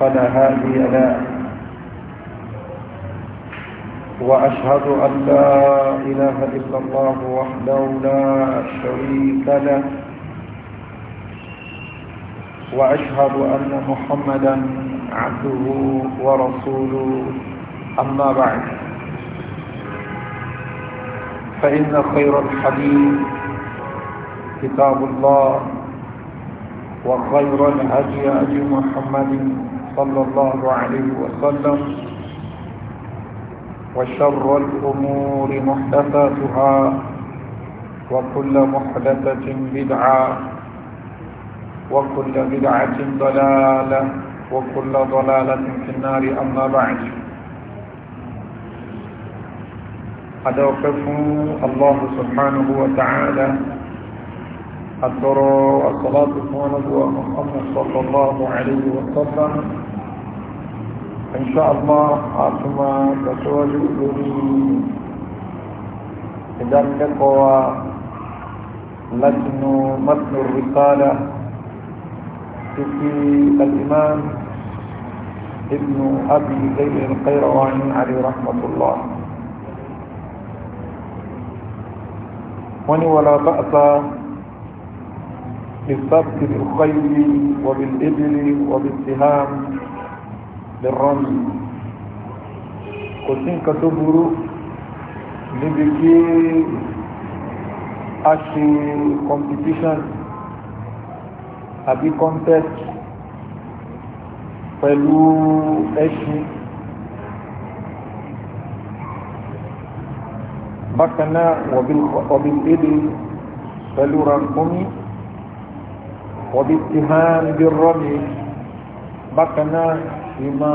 فلا هادي له وأشهد أن لا إله إلا الله وحده لا شريك له وأشهد أن محمدا عبده ورسوله أما بعد فإن خير الحديث كتاب الله وخير الهدي أجي محمد صلى الله عليه وسلم وشر الأمور محدثاتها وكل محدثة بدعة وكل بدعة ضلالة وكل ضلالة في النار أما بعد أدوكف الله سبحانه وتعالى أذكروا الصلاة والسلام على محمد صلى الله عليه وسلم ان شاء الله عاصمة كسوال الأولين إذا تقوى لجن متن الرسالة في الإمام ابن أبي زيد القيرواني عليه رحمة الله وني ولا بأس بالسبت بالخيل وبالإبل وبالسهام lẹ́rọ́mì kò sí nǹkan tó burú níbi kí a ṣe competition àbí contest pẹ̀lú ẹṣin bákaná wọ̀bí èdè pẹ̀lú rankumi wọ̀bí tihán bí rọ́mì bákaná ìmọ̀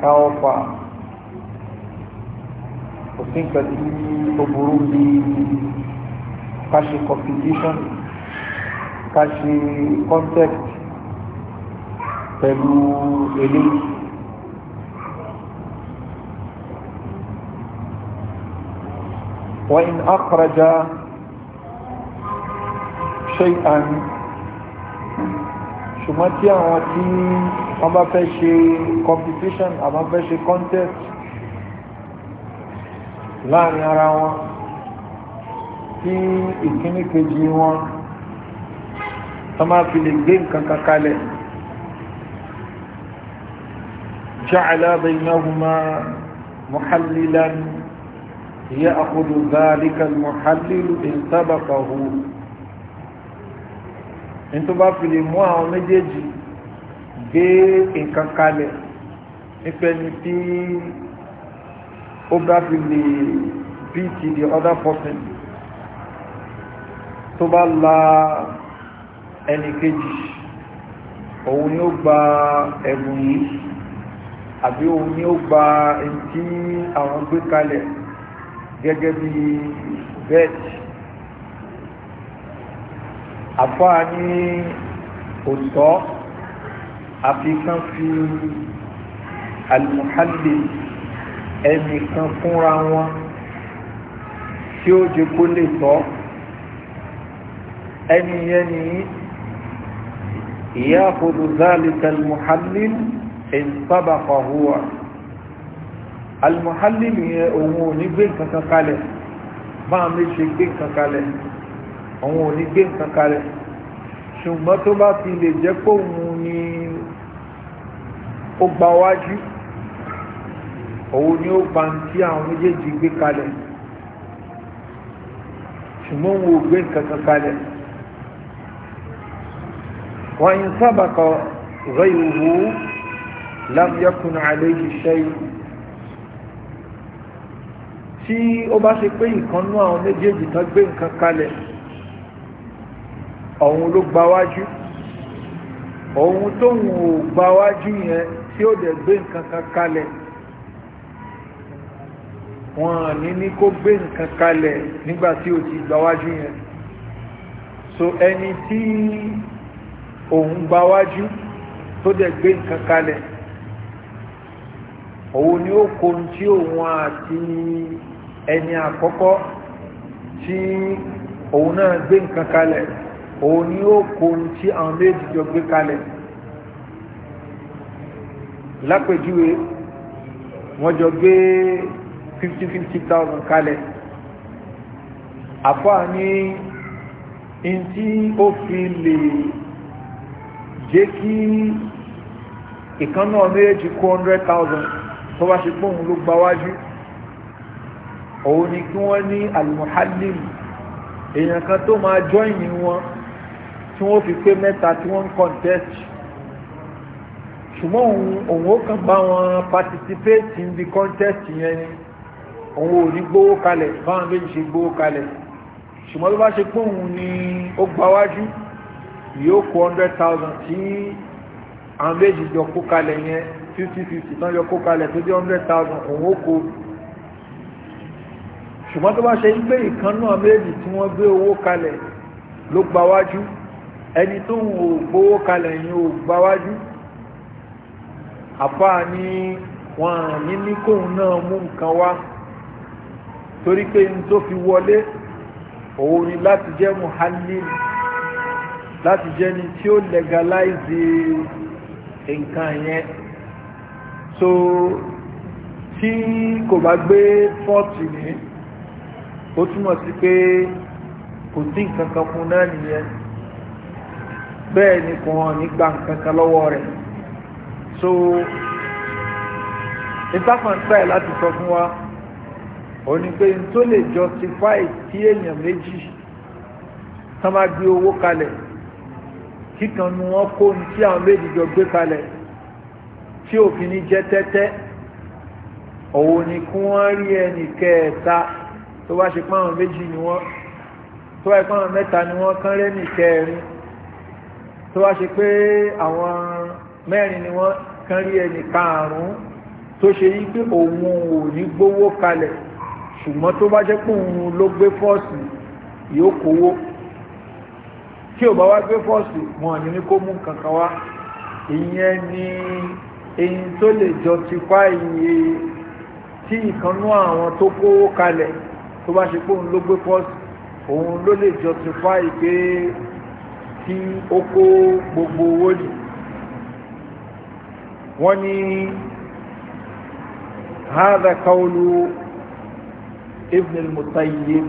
ká ọfà kò sí nǹkan tí ó burú bí ká ṣe competition ká ṣe contact pẹ̀lú eléyìí وإن أخرج شيئا ṣùgbọ́n tí àwọn tí wọ́n bá fẹ́ ṣe competition àwọn fẹ́ ṣe contest láàrin ara wọn tí ìkíní kejì wọn tó máa fi lè gbé nǹkan kan kalẹ̀ ja'ala baynahuma muhallilan ya'khudhu dhalika al-muhallil in nítorí bá fi lè mú àwọn méjèèjì gbé nǹkan kalẹ̀ nípa ẹni tí ó bá fi lè beat the other person tó bá la ẹnì kejì òun ni ó gba ẹ̀bùn yìí àbí òun ni ó gba ẹni tí àwọn gbé kalẹ̀ gẹ́gẹ́ bí bẹ́ẹ̀tì àfáà ní òtọ́ àfikán fi alimuhalli ẹnìkan fúnra wọn tí ó jẹ kó lè tọ́ ẹni yẹn ni ìyá àkóso zálìkà alimuhalli ẹ̀ ń sábà pàhùwà alimuhalli yẹn òun ò ní gbé nǹkan kalẹ̀ máa méjì gbé nǹkan kalẹ̀ àwọn ò ní gbé nǹkan kalẹ̀ ṣùgbọ́n tó bá fi lè jẹ́ pòun ni ó gba wájú òun ni ó gba tí àwọn méjèèjì gbé kalẹ̀ ṣùgbọ́n òun ò gbé nǹkan kan kalẹ̀ wọ́n yín sábà kọ rẹ́yìnwó lámúyẹ́kùn àlejò ṣẹ́yìn tí ó bá ṣe pé ìkànnú àwọn méjèèjì tán gbé nǹkan kalẹ̀ ọ̀hun ló gbáwájú ọ̀hun tóun ò gbáwájú yẹn tí ó dẹ̀ gbé nǹkan kan kalẹ̀ wọn ní ní kó gbé nǹkan kalẹ̀ nígbà tí ó ti gbáwájú yẹn so ẹni tí òun gbáwájú tó dẹ̀ gbé nǹkan kalẹ̀ òun ni ó kó ohun tí òun àti ẹni àkọ́kọ́ tí òun náà gbé nǹkan kalẹ̀ òun ni ó kó ohun tí àwọn méjì jọ gbé kalẹ̀ lápèjúwe wọ́n jọ gbé fifty fifty thousand kalẹ̀ àfáà ní ntí ó fi lè jẹ́ kí ìkan náà méjì kó hundred thousand tó bá ṣe pé òun ló gbáwájú òun ni kí wọ́n ní alimuhallim èèyàn kan tó máa jọ́ìnì wọn tí wọ́n fi pé mẹ́ta tí wọ́n ń contest ṣùgbọ́n òun ó kàn bá wọn participate in the contest yẹn ni òun ò ní gbówó kalẹ̀ báwọn méjì ṣe gbówó kalẹ̀ ṣùgbọ́n tó bá ṣe pé òun ni ó gbáwájú yóò kó hundred thousand tí àwọn méjì jọ kó kalẹ̀ yẹn fifty fifty tán yọ kó kalẹ̀ tó dé hundred thousand òun ó kó ṣùgbọ́n tó bá ṣe ń gbé ìkan náà méjì tí wọ́n gbé owó kalẹ̀ ló gbáwájú ẹni tó ń wò gbówó kalẹ̀ yìí ò gbáwájú àfáà ní wọn ní ní kóun náà mú nǹkan wá torí pé n tó fi wọlé òun ni láti jẹ́ muhallil láti jẹ́ ni tí ó legalize nǹkan yẹn so tí kò bá gbé fọ́ọ̀tì ní ó túmọ̀ sí pé kò sí nǹkan kan fún náà nìyẹn bẹ́ẹ̀ ni kò hàn ní gbàǹkankan lọ́wọ́ rẹ̀ so ìtàkùnṣẹ́ láti sọ fún wa ò ní pé tó lè justify tí èèyàn méjì tán bá gbé owó kalẹ̀ kíkan nu wọn kó ní tí àwọn méjì jọ gbé kalẹ̀ tí òfin ní jẹ́ tẹ́tẹ́ òun ni kí wọ́n rí ẹnì kẹta tó bá ṣe pé àwọn méjì ni wọ́n tó bá ṣe pé àwọn mẹ́ta ni wọ́n kán rẹ́nì kẹrin tó wá ṣe pé àwọn mẹ́rin ni wọ́n kán rí ẹni karùn-ún tó ṣe yí pé òun ò ní gbówó kalẹ̀ ṣùgbọ́n tó bá jẹ́ pé òun ló gbé fọ́ọ̀sì yóò kówó tí ò bá wá gbé fọ́ọ̀sì wọn ní kó mú kankan wá ìyẹn ni èyí tó lè jọ ti pa iye tí ìkanú àwọn tó kówó kalẹ̀ tó bá ṣe pé òun ló gbé fọ́ọ̀sì òun ló lè jọ ti pa ìgbé tí ó kó gbogbo owó nì wọ́n ní hadha qawlu ibn al-mutayyib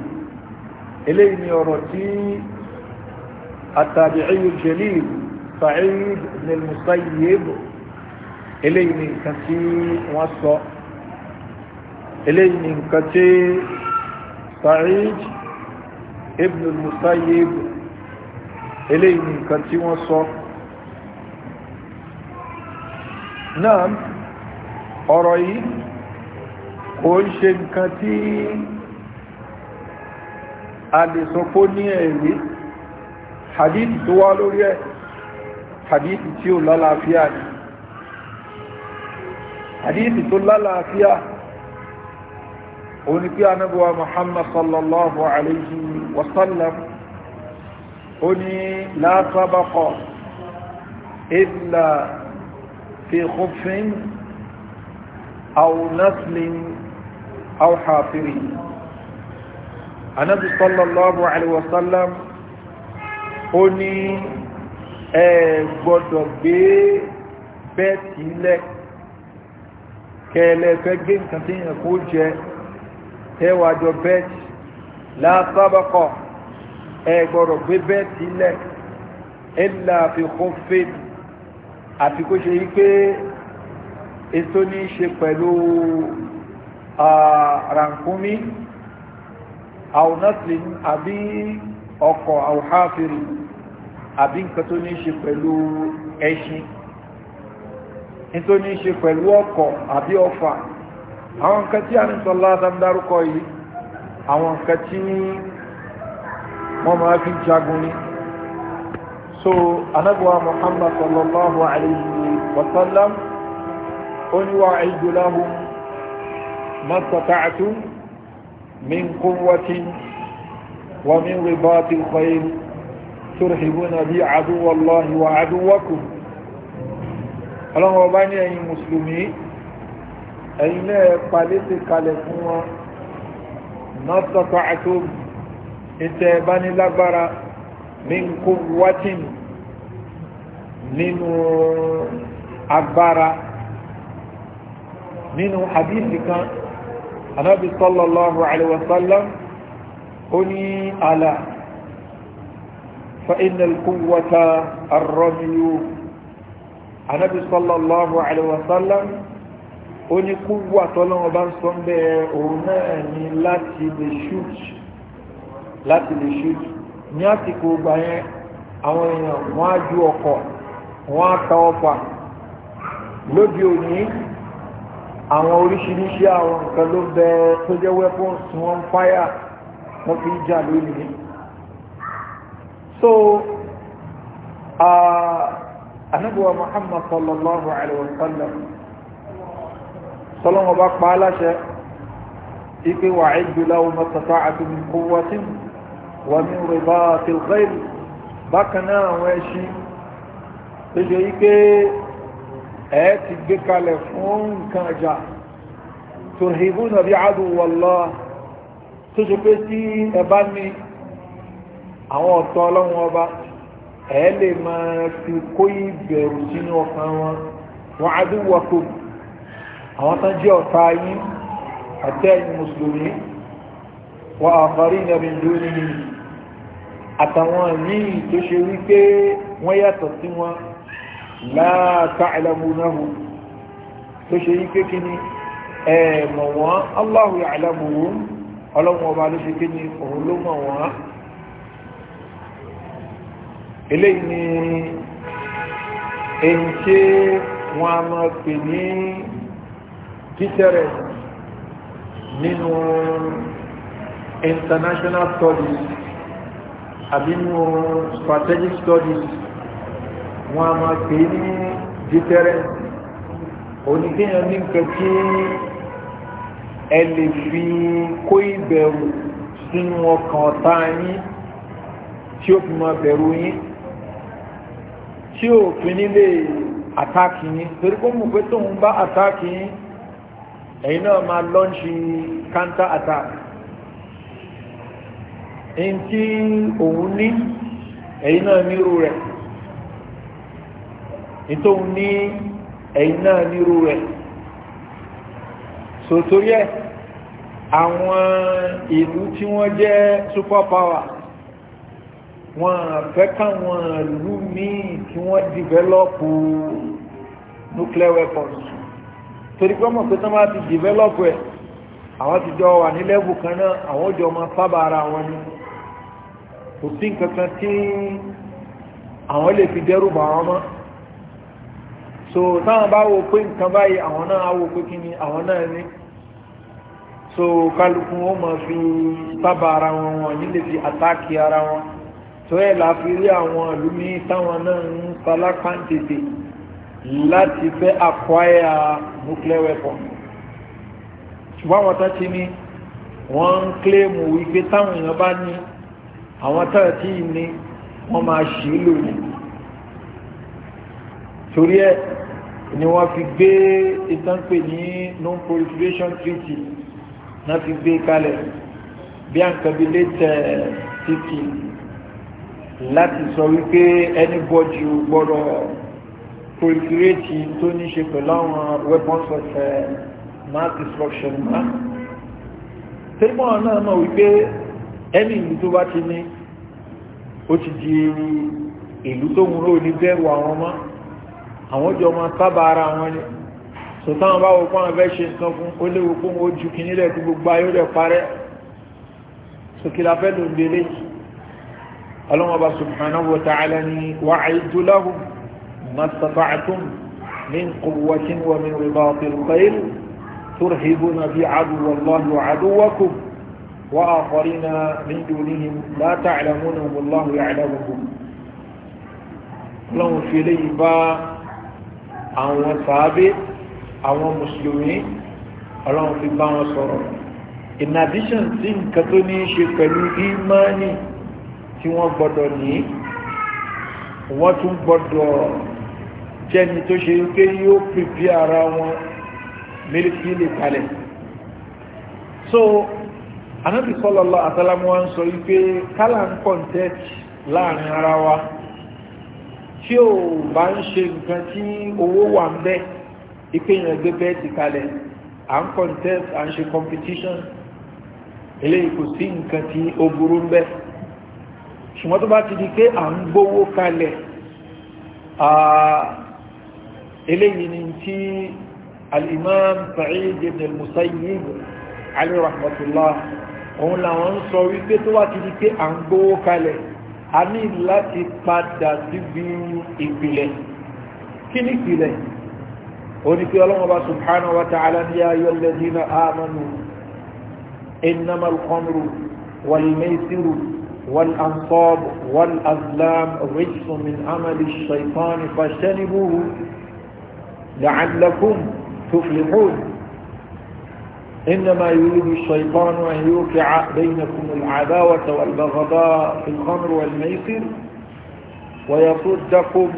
eléyìí ni ọ̀rọ̀ tí التابعي الجليل سعيد بن المسيب إليه من كثير وصى إليه من كثير سعيد ابن المسيب eléyìí ni nǹkan tí wọ́n sọ náà ọ̀rọ̀ yìí kò ń ṣe nǹkan tí a lè sọ pó ní ẹ̀rí hadithi tó wá lórí ẹ̀ hadithi tí ó lálàáfíà ni hadithi tó lálàáfíà òun ni pé anábọ̀wà muhammad sallallahu alayhi wasallam ó ní látọ́bọ́kọ̀ ìlà fi kúfin àwọnàtìlín àwọ̀hàfírí anábi sallallahu alaihi wasallam ó ní ẹ gbọ́dọ̀ gbé bẹ́ẹ̀tì lẹ́ kẹ́ẹ̀lẹ́ fẹ́ gbé nǹkan tí yẹn kó jẹ tẹ́wàjọ bẹ́ẹ̀tì látọ́bọ́kọ̀ ẹ gbọ́dọ̀ gbé bẹ́ẹ̀ sílẹ̀ ẹ̀là àfikún fèdì àfi kó ṣe yí pé ètò ní í ṣe pẹ̀lú rànkúmí àwọnàtìlín àbí ọkọ̀ àwòháfìrì àbí nǹkan tó ní í ṣe pẹ̀lú ẹṣin nítorí ní ṣe pẹ̀lú ọkọ̀ àbí ọfà àwọn nǹkan tí a ní sọ lásán dárúkọ yìí àwọn nǹkan tí ní wọ́n máa fi jagun ni so anabuwa muhammad sallallahu alayhi wa sallam ó ní wà ìdúláhùn mọ́tàtàtù min kúnwàtín wa min ribati khayr turhibuna bi aduwallahi wa aduwakum ọlọ́run ọba ní ẹ̀yin mùsùlùmí ẹ̀yin náà palẹ́sẹ̀ kalẹ̀ fún ìtẹ́ bá ní lágbára min quwwatin nínú agbára nínú hadithi kan anábi sallallahu alaihi wasallam ó ní àlà فإن القوة الرمي النبي صلى الله عليه وسلم ó ní kúwà tọ́lọ́wọ́ bá ń sọ bẹ́ẹ̀ òun náà ni láti lè ṣúùtù láti lè ṣe ní àsìkò ọgbà yẹn àwọn èèyàn wọ́n á ju ọkọ̀ wọ́n á ta ọfà lóde òní àwọn oríṣiríṣi àwọn nǹkan ló bẹ tó jẹ́ weapons wọ́n ń fáyà wọ́n fi jà lónìí so uh, anabuwa muhammad sallallahu alaihi wasallam sọlọ́wọ́n bá pa á láṣẹ ipe wàá ìjùlá ọmọ tàtà àti kúwọ́sìn wàmí rìbá tìlgẹ́rì bákan náà àwọn ẹṣin tó ṣe yí pé ẹ ti gbé kalẹ̀ fún nǹkan ẹja tòrìbù nàbí àdùwọ̀lá tó ṣe pé tí ẹ bá ní àwọn ọ̀tọ̀ ọlọ́run ọba ẹ lè máa fi kó ìbẹ̀rù sínú ọkàn wọn wọn àdúwọ̀kò àwọn tán jẹ́ ọ̀tá yín àtẹ́yìn mùsùlùmí wọ́n àfàrí nàbí lónìí àtàwọn míì tó ṣe wípé wọ́n yàtọ̀ sí wọn láàtà àlàmúnáhù tó ṣe yí pé kí ni ẹ̀ẹ̀mọ̀ wọ́n aláhù àlàmúhù ọlọ́run ọba ló ṣe kí ni òun ló mọ̀ wọ́n eléyìí ni èyí ṣe wọn a máa pè ní títẹ̀rẹ̀ nínú international studies àbínú strategic studies wọ́n a máa pè ní deterrent oníkéyàn ní nǹkan tí ẹ lè fi kó ìbẹ̀rù sínú ọkàn ọ̀tá yín tí ó fi máa bẹ̀rù yín tí ó fi nílé àtàkì yín torí kó mú pé tóun bá àtàkì yín ẹ̀yin náà máa lọ́ńṣì counter attack in tí òun ní ẹ̀yin náà nírú rẹ̀ in tó ní ẹ̀yin náà nírú rẹ̀ so ẹ̀ àwọn ìlú tí wọ́n jẹ́ superpower wọ́n fẹ́ káwọn ìlú míì tí wọ́n dìvẹ́lọ́pù nuclear weapons torí pé ọmọ ti dìvẹ́lọ́pù ẹ̀ àwọn ti jọ wà ní lẹ́bù kan náà àwọn ma jọ ara wọn kò sí nǹkan kan tí àwọn lè fi dẹ́rù bà wọ́n mọ́ so táwọn bá wo pé nǹkan báyìí àwọn náà wo pé kí ni àwọn náà ní so kálukú wọn máa fi sábà ara wọn wọn nílé fi àtáàkì ara wọn tó ẹ̀ la fi rí àwọn ìlú ní táwọn náà ń salápá tètè láti fẹ́ acquire nuclear weapon ṣùgbọ́n àwọn tó ti ní wọ́n ń kílèmù wípé táwọn èèyàn bá ní àwọn tẹ́rẹ tí ní wọ́n máa ṣe é lò torí ẹ̀ ni wọ́n fi gbé ìtànpè ní non proliferation treaty náà fi gbé kalẹ̀ bí à ń kẹ́bi létẹ̀ títì láti sọ wípé anybody ò gbọ́dọ̀ proliferate tó ní ṣe pẹ̀lú àwọn weapons of eh, mass destruction náà. tẹ́lifọ̀n náà mọ̀ wípé ẹni ìlú tó bá ti ní ó ti di ìlú tó ń rò ní bẹ́ẹ̀rù àwọn ọmọ àwọn jọ máa tábà ara wọn ni sọtáwọn bá wọ́pọ̀ àwọn fẹ́ ṣe nǹkan fún ó léwu pé wọ́n ju kìíní lẹ̀ kí gbogbo ayé rẹ̀ parẹ́ sókèlà fẹ́ ló ń gbélé ọlọ́wọ́n bá subhanahu ni wa'iddu lahum mastata'tum min quwwatin وآخرين من دونهم لا تعلمونهم الله يعلمهم لهم fi eléyìí bá àwọn sàábé àwọn mùsùlùmí ọlọ́run fi bá wọn sọ̀rọ̀ in addition sí nǹkan tó ní í ṣe pẹ̀lú ìmánì tí wọ́n gbọ́dọ̀ ní wọ́n tún gbọ́dọ̀ jẹ́ni tó ṣe pé yóò pèpè ara wọn mílíkìlì kalẹ̀ so anábì sọ́lọ́lọ́ àtàlámú wa ń sọ wípé kálà ń kọ́ńtẹ́ẹ̀tì láàrin ara wa tí ò bá ń ṣe nǹkan tí owó wà ń bẹ́ ipe yẹn gbé bẹ́ẹ̀tì kalẹ̀ à ń contest à ń ṣe competition eléyìí kò sí nǹkan tí ó burú ń bẹ́ ṣùgbọ́n tó bá ti di pé à ń gbówó kalẹ̀ eléyìí ni tí al-imam Sa'id ibn al-Musayyib alayhi rahmatullah òun làwọn ń sọ wípé tó wá ti di pé à ń gbówó kalẹ̀ a ní láti padà síbi ìpìlẹ̀ kí ni ìpìlẹ̀ òní pé ọlọ́wọ́n bá subhanahu wa ta'ala ní ayọ́ lẹ́dínà amanu innama al-khamru wal-maisiru والأنصاب والأظلام رجس من عمل الشيطان فاجتنبوه لعلكم تفلحون إنما يريد الشيطان أن يوقع بينكم العداوة والبغضاء في الخمر والميسر ويصدكم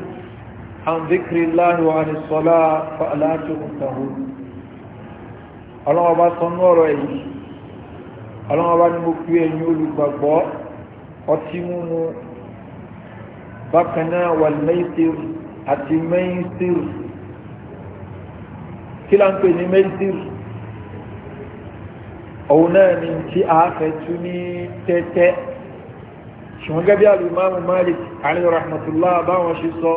عن ذكر الله وعن الصلاة فألا تنتهون ọlọ́run ọba sọ ní ọ̀rọ̀ èyí ọlọ́run ọba ni mo fi ẹ̀yin olùgbàgbọ́ ọtí mímu bákan náà wà mẹ́sìr àti mẹ́sìr kí là ń pè ní mẹ́sìr òun náà ni tí a fẹ́ tú ní tẹ́tẹ́ ṣùgbọ́n gẹ́gẹ́ bí alùmọ́mù malik alayhi rahmatullah báwọn ṣe sọ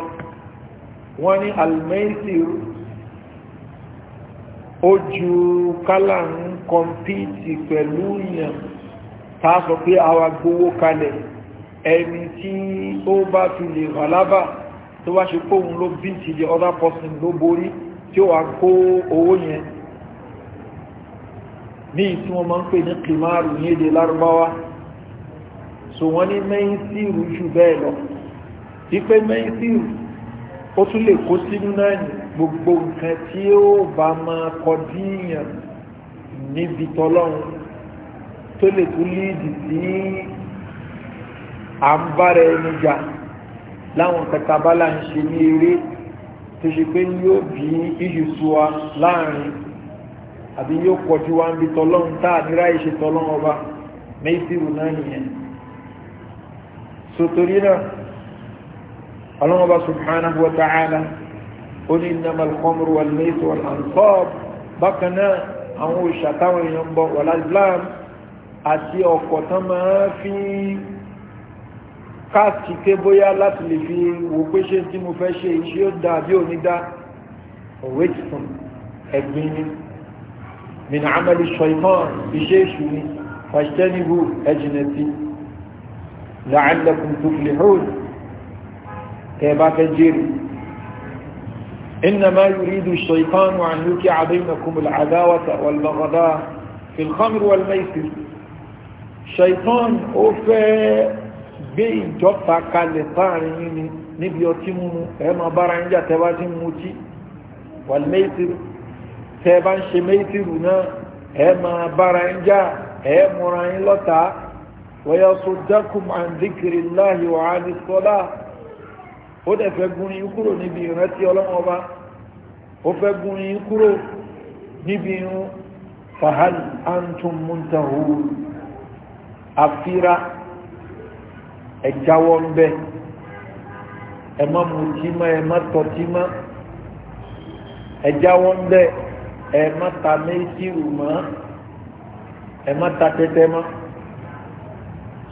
wọ́n ní almaisir ó ju kálà ń kọmpíìtì pẹ̀lú yàn tá a sọ pé àwa gbowó kalẹ̀ ẹni tí ó bá fi lè wà lábà tó wá ṣe kóhun ló bí ti the other person ló borí tí ó wà kó owó yẹn ní tí wọ́n máa ń pè ní kìmáàrù ní èdè lárúbáwá so wọ́n ní mẹ́yìn síìrù jù bẹ́ẹ̀ lọ wípé mẹ́yìn síìrù ó tún lè kó sínú náà ní gbogbo nǹkan tí ó bá máa kọ díyàn níbi tọ́lọ́run tó lè tún líìdì sí à ń bára ẹni jà láwọn kẹtàbálà ń ṣe ní eré tó ṣe pé yóò bí ìyùsùwa láàrin àbí yóò kọjú wá ń bí tọ́lọ́run táà ní ráyè ṣe tọ́lọ́run ọba méjìlú náà nìyẹn sotori náà ọlọ́run ọba subhanahu wa ta'ala ó ní innama al-khamru wal-maysiru bákan náà àwọn òòṣà táwọn èèyàn ń bọ wal-azlam àti ọ̀kọ̀ tán máa fi káàkì ké bóyá láti lè fi wò pé ṣe tí mo fẹ́ ṣe iṣẹ́ ó dáa bí ò ní dá òwe tuntun ẹ̀gbin ni. من عمل الشيطان بشيشه فاجتنبوا أجنتي لعلكم تفلحون كيبا تنجير إنما يريد الشيطان أن يكع بينكم العداوة والبغضاء في الخمر والميسر شيطان أوفى بين جفا كان لطارين نبيوتي منه إيه بارعين جاتبازين موتي والميسر tẹ́ ẹ bá ń ṣe méjìlú náà ẹ máa bára ń jà ẹ so dakum an wọ́yá sọ dákùn àǹdíkiri láàyè wàá ní sọ́lá ó dẹ̀ fẹ́ gun yín kúrò níbi ìrántí ọlọ́run ọba ó fẹ́ gun yín kúrò níbi irun fahal muntahu afira ẹ̀jáwọ́ ń bẹ́ ẹ ẹ má ta méjìrù mọ́ ẹ má ta tẹ́tẹ́ mọ́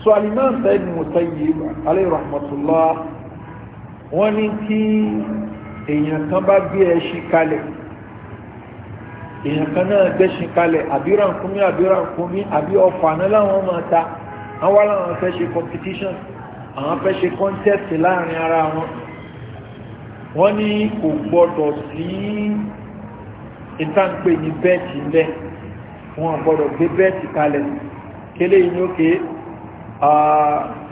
so alimam Said Musayyib alayhi rahmatullah wọ́n ní kí èèyàn kan bá gbé ẹṣin kalẹ̀ èèyàn kan náà gbẹ́ṣin kalẹ̀ àbí rànkúnmí àbí rànkúnmí àbí ọ̀fà náà láwọn máa ta àwọn aláwọn fẹ́ ṣe competition àwọn fẹ́ ṣe contest láàrin ara wọn wọ́n ní kò gbọ́dọ̀ sí. Si ìtànpé ní bẹ́ẹ̀tì ńlẹ̀ wọn gbọ́dọ̀ gbé bẹ́ẹ̀tì kalẹ̀ kélé yìí ní òkè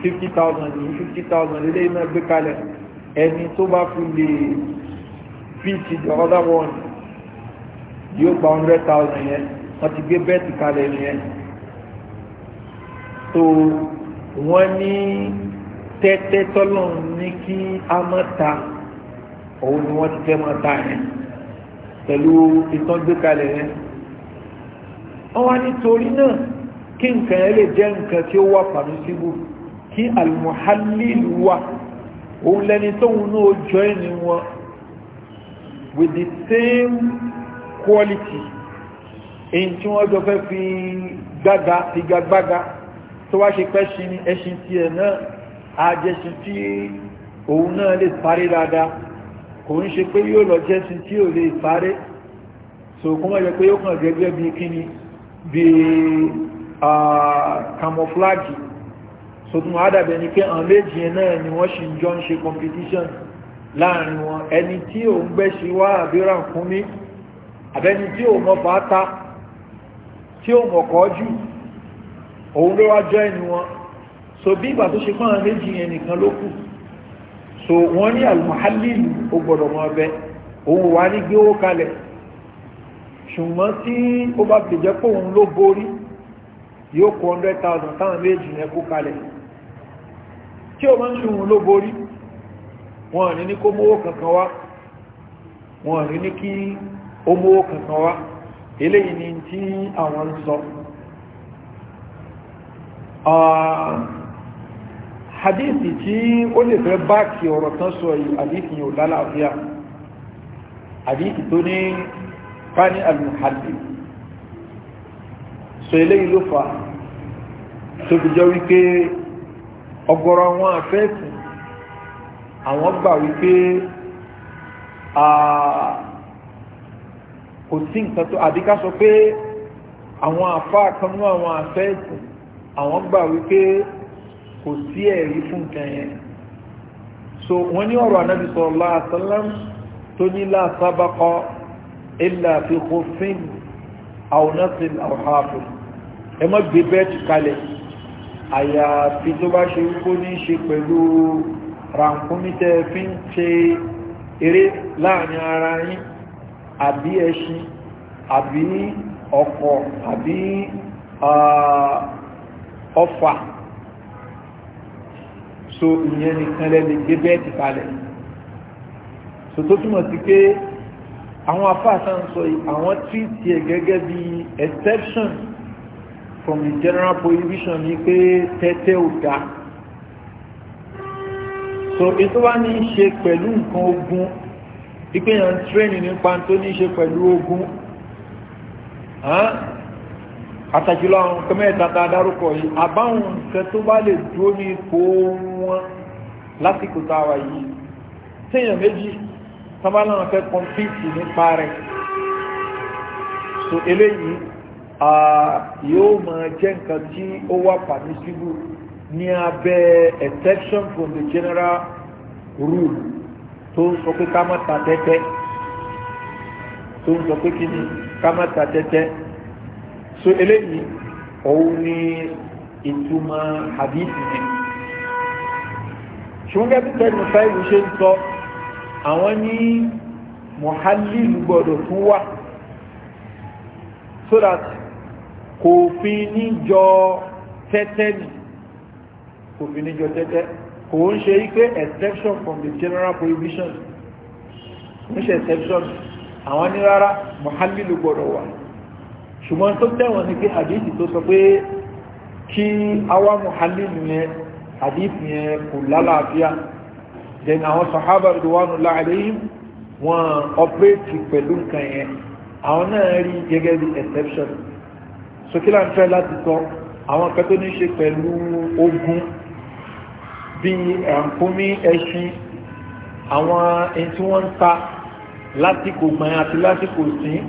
fifty thousand ní 50,000. thousand lélé iná gbé kalẹ̀ ẹni tó bá fi lè fit the other one yóò gba 100,000. thousand yẹn wọ́n ti gbé bẹ́ẹ̀tì kalẹ̀ yẹn so wọ́n ní tẹ́tẹ́ tọ́lọ̀ ní kí a mọ̀ ta òun ni wọ́n ti fẹ́ mọ̀ ta yẹn pẹ̀lú ìtọ́gbékalẹ̀ yẹn wọ́n wá nítorí náà kí nǹkan ẹ lè jẹ́ nǹkan tí ó wà pàmísíbù kí almuhallil wà òun lẹni tóun náà jọ ẹni wọn with the same quality In tí wọ́n jọ fẹ́ fi gbága figagbága tó wá ṣe pẹ́ ṣin ẹṣin tiẹ̀ náà àjẹṣin tí òun náà lè parí dáadáa kò ń ṣe pé yóò lọ jẹ́sìn tí ò lè parẹ́ so kó mọ́ yẹ pé yóò kàn gẹ́gẹ́ bí kíni bí camouflage so tún àdàbẹ̀ ni pé àwọn méjì yẹn náà ni wọ́n ṣì ń jọ ń ṣe competition láàrin wọn ẹni tí ò ń gbẹ́ṣi wá àbíràn fún mi àbẹ́ni tí ò mọ̀ fàáta tí ò mọ̀ kọ́ jù òun ló wá jọ ẹni wọn so bí ìgbà tó ṣe fún àwọn méjì yẹn nìkan ló kù so wọ́n ní almuhallil ó gbọ́dọ̀ mọ́ ọbẹ̀ òun wà ní gbé ó kalẹ̀ ṣùgbọ́n tí ó bá gbèjẹ́ pé òun ló borí yóò kó 100,000 táwọn méjì yẹn kó kalẹ̀ tí ó máa ń ṣùgbọ́n ló borí wọn ní ní kó mówó kankan wá wọn ní ní kí ó mówó kankan wá eléyìí ni tí àwọn ń sọ ah, hadithi tí ó lè fẹ́ báàkì ọ̀rọ̀ tán sọ yìí hadithi yóò lálàáfíà hadithi tó ní fani al-muhalli so eléyìí ló fà tó fi jẹ́ wípé ọ̀gọ̀rọ̀ àwọn afẹ́ẹ̀sì àwọn gbà wípé kò sí nǹkan tó àdíká sọ pé àwọn àfáà kan ní àwọn afẹ́ẹ̀sì àwọn gbà wípé kò sí ẹ̀rí fún nǹkan yẹn so wọ́n ní ọ̀rọ̀ anábì sallallahu alaihi wasallam tó ní la sabaqa illa fi khuffin aw nasin aw hafin ẹ má gbé bẹ́ẹ̀tì kalẹ̀ àyàfi tó bá ṣe wípé ní ṣe pẹ̀lú ràǹkúmítẹ́ fi ń ṣe eré láàrin ara yín àbí ẹṣin àbí ọkọ̀ àbí ah, ọfà uh, so ìyẹn nìkan lẹ́lẹ̀ gbé bẹ́ẹ̀tì kalẹ̀ so tó túmọ̀ sí pé àwọn afáàtà ń sọ àwọn tíìtì ẹ̀ gẹ́gẹ́ bí exception from the general prohibition ni pé tẹ́tẹ́ ò dá so ètò wa ní í ṣe pẹ̀lú nǹkan ogun ìpéyàn tírénì nípa tó ní í ṣe pẹ̀lú ogun àtàjùlọ àwọn nǹkan mẹ́ta tá yìí àbáwọn nǹkan tó bá lè dúró ní ipò wọn lásìkò tá yìí téèyàn méjì tábàlànà fẹ́ kọ́ńpìtì nípa rẹ̀ so eléyìí yóò máa jẹ́ nǹkan tí ó wà permissible ní abẹ́ exception from the general rule tó ń sọ pé ká má ta tẹ́tẹ́ tó sọ pé kí ni ká má ta tẹ́tẹ́ so eléyìí òun ni ìtumọ̀ hadith yẹn ṣùgbọ́n gẹ́gẹ́ bí tẹ́lifù sáyẹ̀wò ṣe ń sọ àwọn ní muhallil gbọ́dọ̀ tún wà so that kò fi ní jọ tẹ́tẹ́ nì kò fi ní tẹ́tẹ́ kò ń ṣe wípé exception from the general prohibition ń ṣe exception àwọn ní rárá muhallil gbọ́dọ̀ wà ṣùgbọ́n tó tẹ́wọ̀n ní pé àdíìsì tó sọ pé kí awa muhallin yẹn àdíìsì yẹn kò lálàáfíà then àwọn sahaba ìdíwánu láàrin wọn ọpẹ́ẹ̀tì pẹ̀lú nǹkan yẹn àwọn náà rí gẹ́gẹ́ bí exception so kí láń fẹ́ láti sọ àwọn kan tó ní ṣe pẹ̀lú ogun bí ẹ̀ǹkúmí um, ẹṣin àwọn ẹni tí wọ́n ń ta lásìkò gbọ̀nyàn àti lásìkò sìn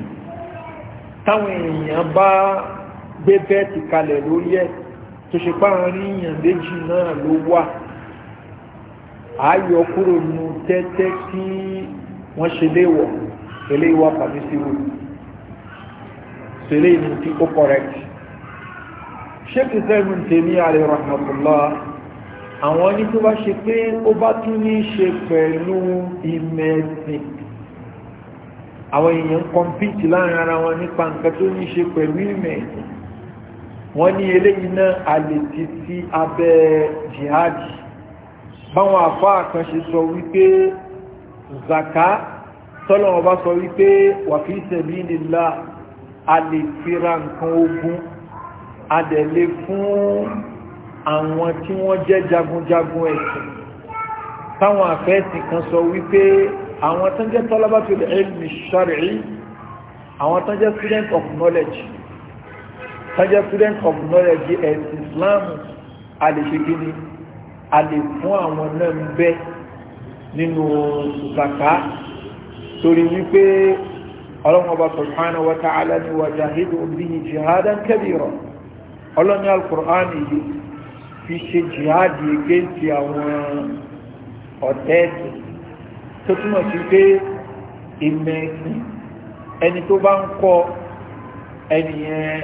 táwọn èèyàn bá gbé bẹ́ẹ̀tì kalẹ̀ lórí ẹ̀ tó ṣe pa àárín èèyàn méjì náà ló wà ààyò kúrò nu tẹ́tẹ́ tí wọ́n ṣe léwọ̀ pẹ̀lú ìwà pàmísíwò pẹ̀lú ìlú tí ó correct sheikh zayman tèmi àlè rahmatullah àwọn ní tó bá ṣe pé ó bá tún ní ṣe pẹ̀lú ìmẹ̀sìn àwọn èèyàn kọmpíìtì láàrin ara wọn nípa nǹkan tó ní ṣe pẹ̀lú ìmẹ̀ wọ́n ní eléyìí náà alè sí abẹ́ jihadi báwọn àfáà kan sọ wípé zaka tọ́lọ́wọ́ bá sọ wípé wàfíì sẹ̀bí nílá alè fira nǹkan ogun adẹ̀lé fún àwọn tí wọ́n jẹ́ jagunjagun ẹ̀sìn táwọn àfẹ́sìn kan sọ wípé àwọn tán jẹ́ talabatul ilmi shar'i àwọn tán jẹ́ student of knowledge tán jẹ́ student of knowledge ẹ̀sìn Islam a lè ṣe gíní a lè fún àwọn náà ń bẹ nínú zaka torí wípé ọlọ́run ọba subhanahu wa ta'ala ni wa jahidu bihi jihadan kabira ọlọ́run ní al-Qur'an yìí fi ṣe jihadi against àwọn ọ̀tẹ́ẹ̀tì tó túmọ̀ sí pé ìmẹ̀sìn ẹni tó bá ń kọ́ ẹnìyẹn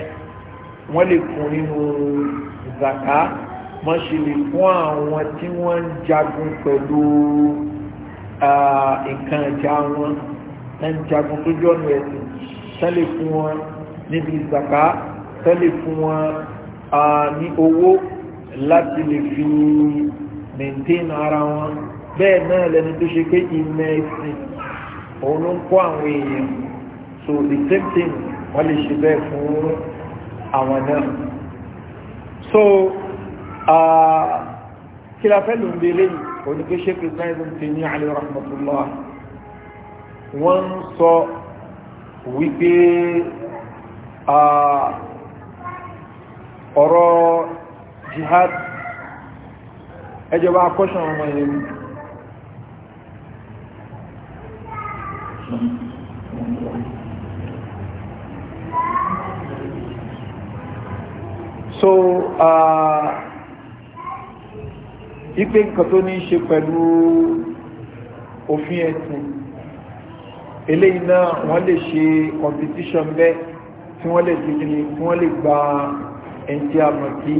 wọ́n lè kún nínú zaka wọ́n sì lè fún àwọn tí wọ́n ń jagun pẹ̀lú nǹkan ìjà wọn ń jagun tó jọ ọ̀nà ẹ̀sìn tẹ́lẹ̀ fún wọn níbi zaka tẹ́lẹ̀ fún wọn ní owó láti lè fi maintain ara wọn bẹ́ẹ̀ náà lẹni tó ṣe pé ìmọ̀ ẹ̀sìn òun ló ń kọ́ àwọn èèyàn so the same thing wọ́n lè ṣe bẹ́ẹ̀ fún àwọn náà so kí la fẹ́ ló ń yìí onígbé ṣékù ti ní alẹ́ rahmatullah wọ́n sọ wípé ọ̀rọ̀ jihad ẹjọba akọ́ṣàn ọmọ ìrìn so uh, ipe nǹkan tó ní ṣe pẹ̀lú òfin ẹ̀sìn eléyìí náà wọ́n lè ṣe competition be tí wọ́n lè ṣe kìíní tí wọ́n gba ẹni tí a mọ̀ kí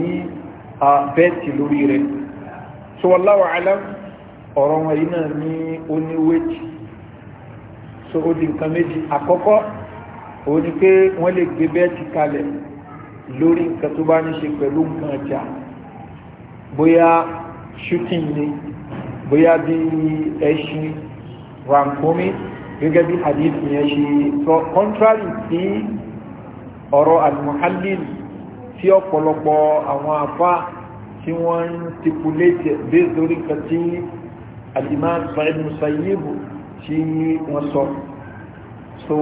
a bẹ́ẹ̀tì lórí rẹ̀ so wallahu alam ọ̀rọ̀ wọn yìí náà ní oníwéjì so ó di nǹkan méjì àkọ́kọ́ òun ni pé wọ́n lè gbé bẹ́ẹ̀tì kalẹ̀ lórí nǹkan tó bá ní ṣe pẹ̀lú nǹkan ọjà bóyá shooting ni boya bí eshi, rankumi gẹ́gẹ́ bí hadith ni ṣe So, contrary sí oro al-muhallil tí ọ̀pọ̀lọpọ̀ àwọn àfá tí wọ́n ń stipulate based lórí nǹkan al-imam sa'id musayyibu tí wọ́n sọ so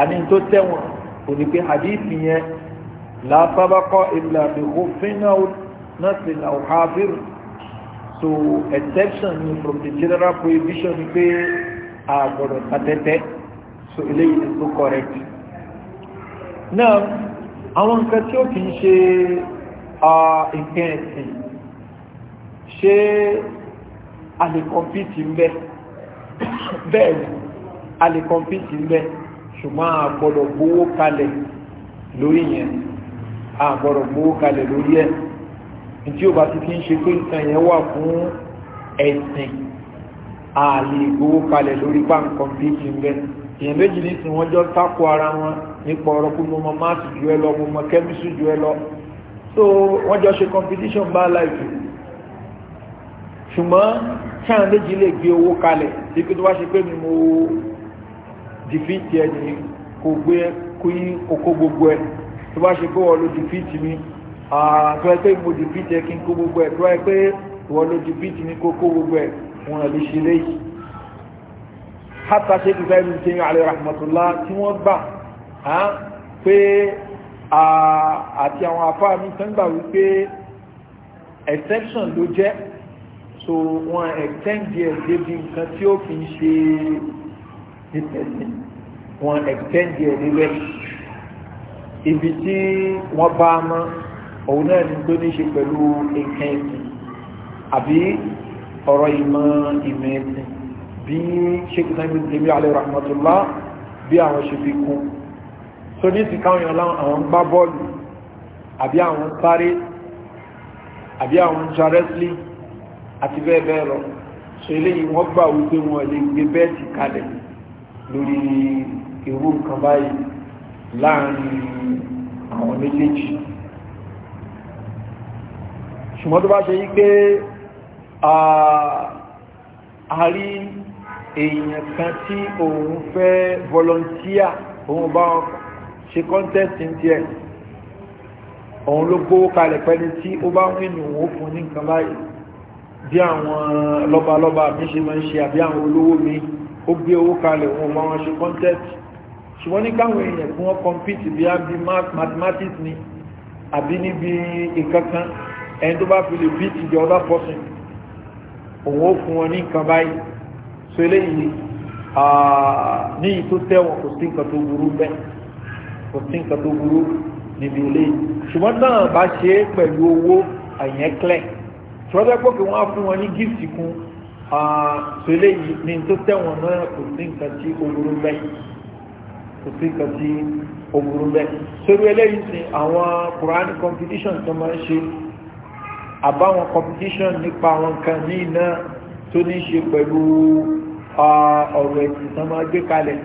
àní tó tẹ̀wọ̀n kò ní pé hadithi yẹn lásábàkọ́ ìlà ìhó fínáwó náà sì là ó hafir so exception ni from the general prohibition ni pé àgbọ̀dọ̀ tàtẹ́tẹ́ so eléyìí ni so correct náà àwọn nǹkan tí ó kì í ṣe nǹkan ẹ̀sìn ṣé a lè compete ń bẹ́ẹ̀ ni a lè kọ́mpìtì ń bẹ́ ṣùgbọ́n a gbọ́dọ̀ gbowó kalẹ̀ lórí yẹn a gbọ́dọ̀ gbowó kalẹ̀ lórí ẹ̀ tí ó bá ti fi ń ṣe pé nǹkan yẹn wà fún ẹ̀sìn a lè gbowó kalẹ̀ lórí pan kọ́mpìtì ń bẹ́ èèyàn méjì ní tí wọ́n jọ tako ara wọn nípa ọ̀rọ̀ pé mo mọ máàsì ju ẹ lọ mo mọ kẹ́mísì ju ẹ lọ so wọ́n jọ ṣe competition bá láìpẹ́ ṣùgbọ́n táwọn méjì lè gbé owó kalẹ̀ tí kí tó wá ṣe pé mi mo dìfíìtì ẹ̀ ní kò gbé kúyí kókó gbogbo ẹ̀ tó wá ṣe pé wọ́n lo dìfíìtì mi tó ẹ pé mo dìfíìtì ẹ̀ kí n kó gbogbo ẹ̀ tó ẹ pé wọ́n lo dìfíìtì mi kókó gbogbo ẹ̀ wọn lè ṣe léyìí. hátà ṣe kìí sáyẹn ṣe yàn àlè rahmatullah tí wọ́n gbà pé àti àwọn afáàmì sẹ́ńgbà wípé exception ló jẹ́ so wọn extend díẹ̀ débi nǹkan tí ó fi ń ṣe wọn extend díẹ̀ níbẹ̀ ibi tí wọ́n bá mọ́ òun náà ní tó ní ṣe pẹ̀lú nǹkan ẹ̀sìn àbí ọ̀rọ̀ ìmọ̀ ìmọ̀ ẹ̀sìn bí ṣékùn náà ní ibi alẹ́ rahmatullah bí àwọn ṣe fi kún so ní ti káwọn yàn láwọn àwọn ń gbá bọ́ọ̀lù àbí àwọn sáré àbí àwọn ń àti bẹ́ẹ̀ bẹ́ẹ̀ lọ so eléyìí wọ́n gbà wípé wọn lè gbé bẹ́ẹ̀tì kalẹ̀ lórí irú nǹkan báyìí láàrin àwọn méjèèjì ṣùgbọ́n tó bá ṣe yí pé a rí èèyàn kan tí òun fẹ́ volunteer òun bá wọn ṣe contest ní tiẹ̀ òun ló gbówó kalẹ̀ pẹ́ni tí ó bá ń rìn òun fún ní nǹkan báyìí bí àwọn lọ́balọ́ba mi ṣe máa ń ṣe àbí àwọn olówó mi ó gbé owó kalẹ̀ wọn ma wọn ṣe contest ṣùgbọ́n ní káwọn èèyàn fún wọn compete bí a bí mathematics ni àbí níbi ìkankan ẹni tó bá fi lè beat the other person òun ó fún wọn ní nǹkan báyìí so eléyìí ní yìí tó tẹ́wọ̀n kò sí nǹkan tó burú bẹ́ẹ̀ kò sí nǹkan tó burú níbi eléyìí ṣùgbọ́n náà bá ṣe é pẹ̀lú owó àyẹ́kẹ́lẹ́ tọ́jọ́ pé kí wọ́n á fún wọn ní gíftì kún àtòlé yìí ní tó tẹ̀wọ̀n náà kò sí nǹkan tí oburú bẹ́ẹ̀ kò sí nǹkan tí oburú bẹ́ẹ̀ sórí eléyìí sí àwọn Quran competition tó máa ń ṣe àbáwọn competition nípa àwọn nǹkan míì náà tó ní ṣe pẹ̀lú ọ̀rọ̀ ẹ̀sìn tó máa gbé kalẹ̀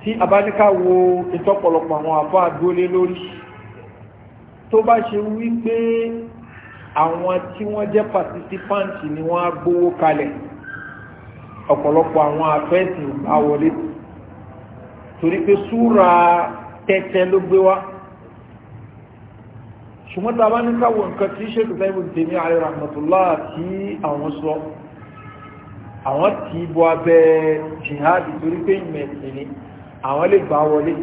tí abáníká wo ìtọ́pọ̀lọpọ̀ àwọn àfáà dúró lórí tó bá ṣe wí pé àwọn tí wọ́n jẹ́ participant ni wọ́n á gbówó kalẹ̀ ọ̀pọ̀lọpọ̀ àwọn àfẹ́sì bá wọlé torí pé súra tẹ́tẹ́ ló gbé wá ṣùgbọ́n tá a bá ní káwọ nǹkan tí ṣe tẹ́lẹ̀ ìbò tèmi ààrẹ rahmatullah tí àwọn sọ àwọn tí bọ́ abẹ́ jihad torí pé ìmẹ̀sìn ni àwọn lè gbá wọlé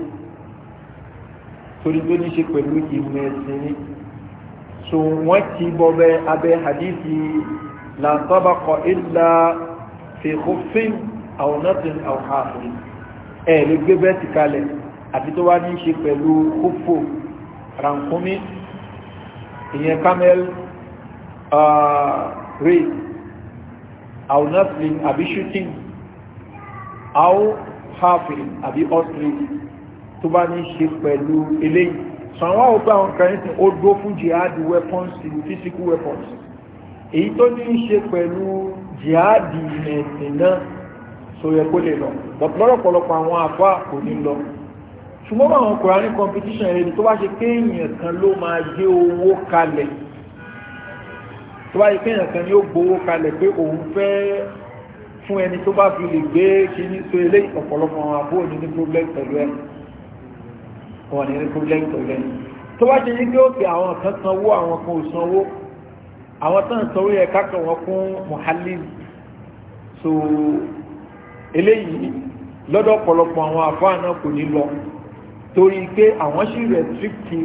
torí tó ní ṣe pẹ̀lú ìmẹ̀sìn ni so wọ́n ti bọ́bẹ̀ abẹ́ hadithi làǹtọ́bàkọ̀ ìlà fèkófin àwọn nọ́tìn àwọn ààfin ẹ̀ lè gbé bẹ́ẹ̀ ti kalẹ̀ àti tó wá ní ṣe pẹ̀lú kófò rankumi ìyẹn camel raid àwọn nọ́tìn àbí shooting àwọn ààfin àbí ostrich tó bá ní ṣe pẹ̀lú eléyìí so àwọn ọgbà àwọn kẹrin tí ó dó fún jihad weapons ìlú physical weapons èyí tó ní í ṣe pẹ̀lú jihad ẹ̀sìn náà so yẹ kó lè lọ but lọ́rọ̀pọ̀lọpọ̀ àwọn àfa kò ní lọ ṣùgbọ́n àwọn kòránì competition ẹni tó bá ṣe pé èèyàn kan ló máa gbé owó kalẹ̀ tó bá ṣe pé èèyàn kan ni ó gbowó kalẹ̀ pé òun fẹ́ fún ẹni tó bá fi lè gbé kíní so eléyìí ọ̀pọ̀lọpọ̀ àwọn àbúrò ní ní problem pẹ̀lú ẹni wọn ní problem problem tó bá ṣe yí pé ó fi àwọn kan sanwó àwọn kan ò sanwó àwọn tó ń sanwó yẹ kákan wọn fún muhalil so eléyìí lọ́dọ̀ ọ̀pọ̀lọpọ̀ àwọn àfáà náà kò ní lọ torí pé àwọn sì rẹ̀ tíríkì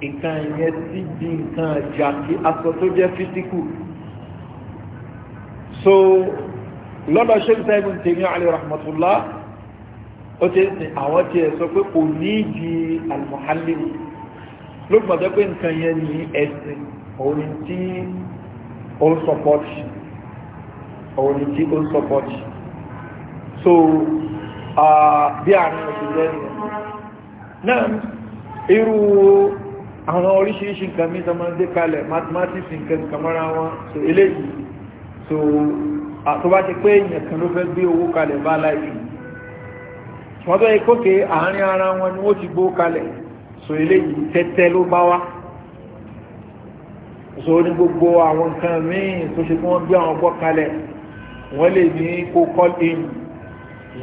nǹkan yẹn sí bí nǹkan ìjà kí aṣọ tó jẹ́ físíkù so lọ́dọ̀ ṣe ń sẹ́gun tèmi àlè rahmatullah ó ti sìn àwọn tí ẹ sọ pé kò ní ìdí almuhallim ló gbọ́dọ̀ pé nǹkan yẹn ní ẹ̀sìn òun tí ó ń sọpọ́tì òun tí ó ń sọpọ́tì so bí àárín ọ̀sìn lẹ́yìn náà irú àwọn oríṣiríṣi nǹkan mi tọmọ dé kalẹ̀ mathematics nǹkan kàmọ́ra wọn so eléyìí so àtọ́bá ti pé èèyàn kan ló fẹ́ gbé owó kalẹ̀ bá láìpẹ́ wọ́n tó yẹ kókè àárín ara wọn ni wọ́n ti gbó kalẹ̀ so eléyìí tẹ́tẹ́ ló bá wá so ní gbogbo àwọn nǹkan míì tó ṣe kí wọ́n gbé àwọn ọgbọ́ kalẹ̀ wọ́n lè ní kó call in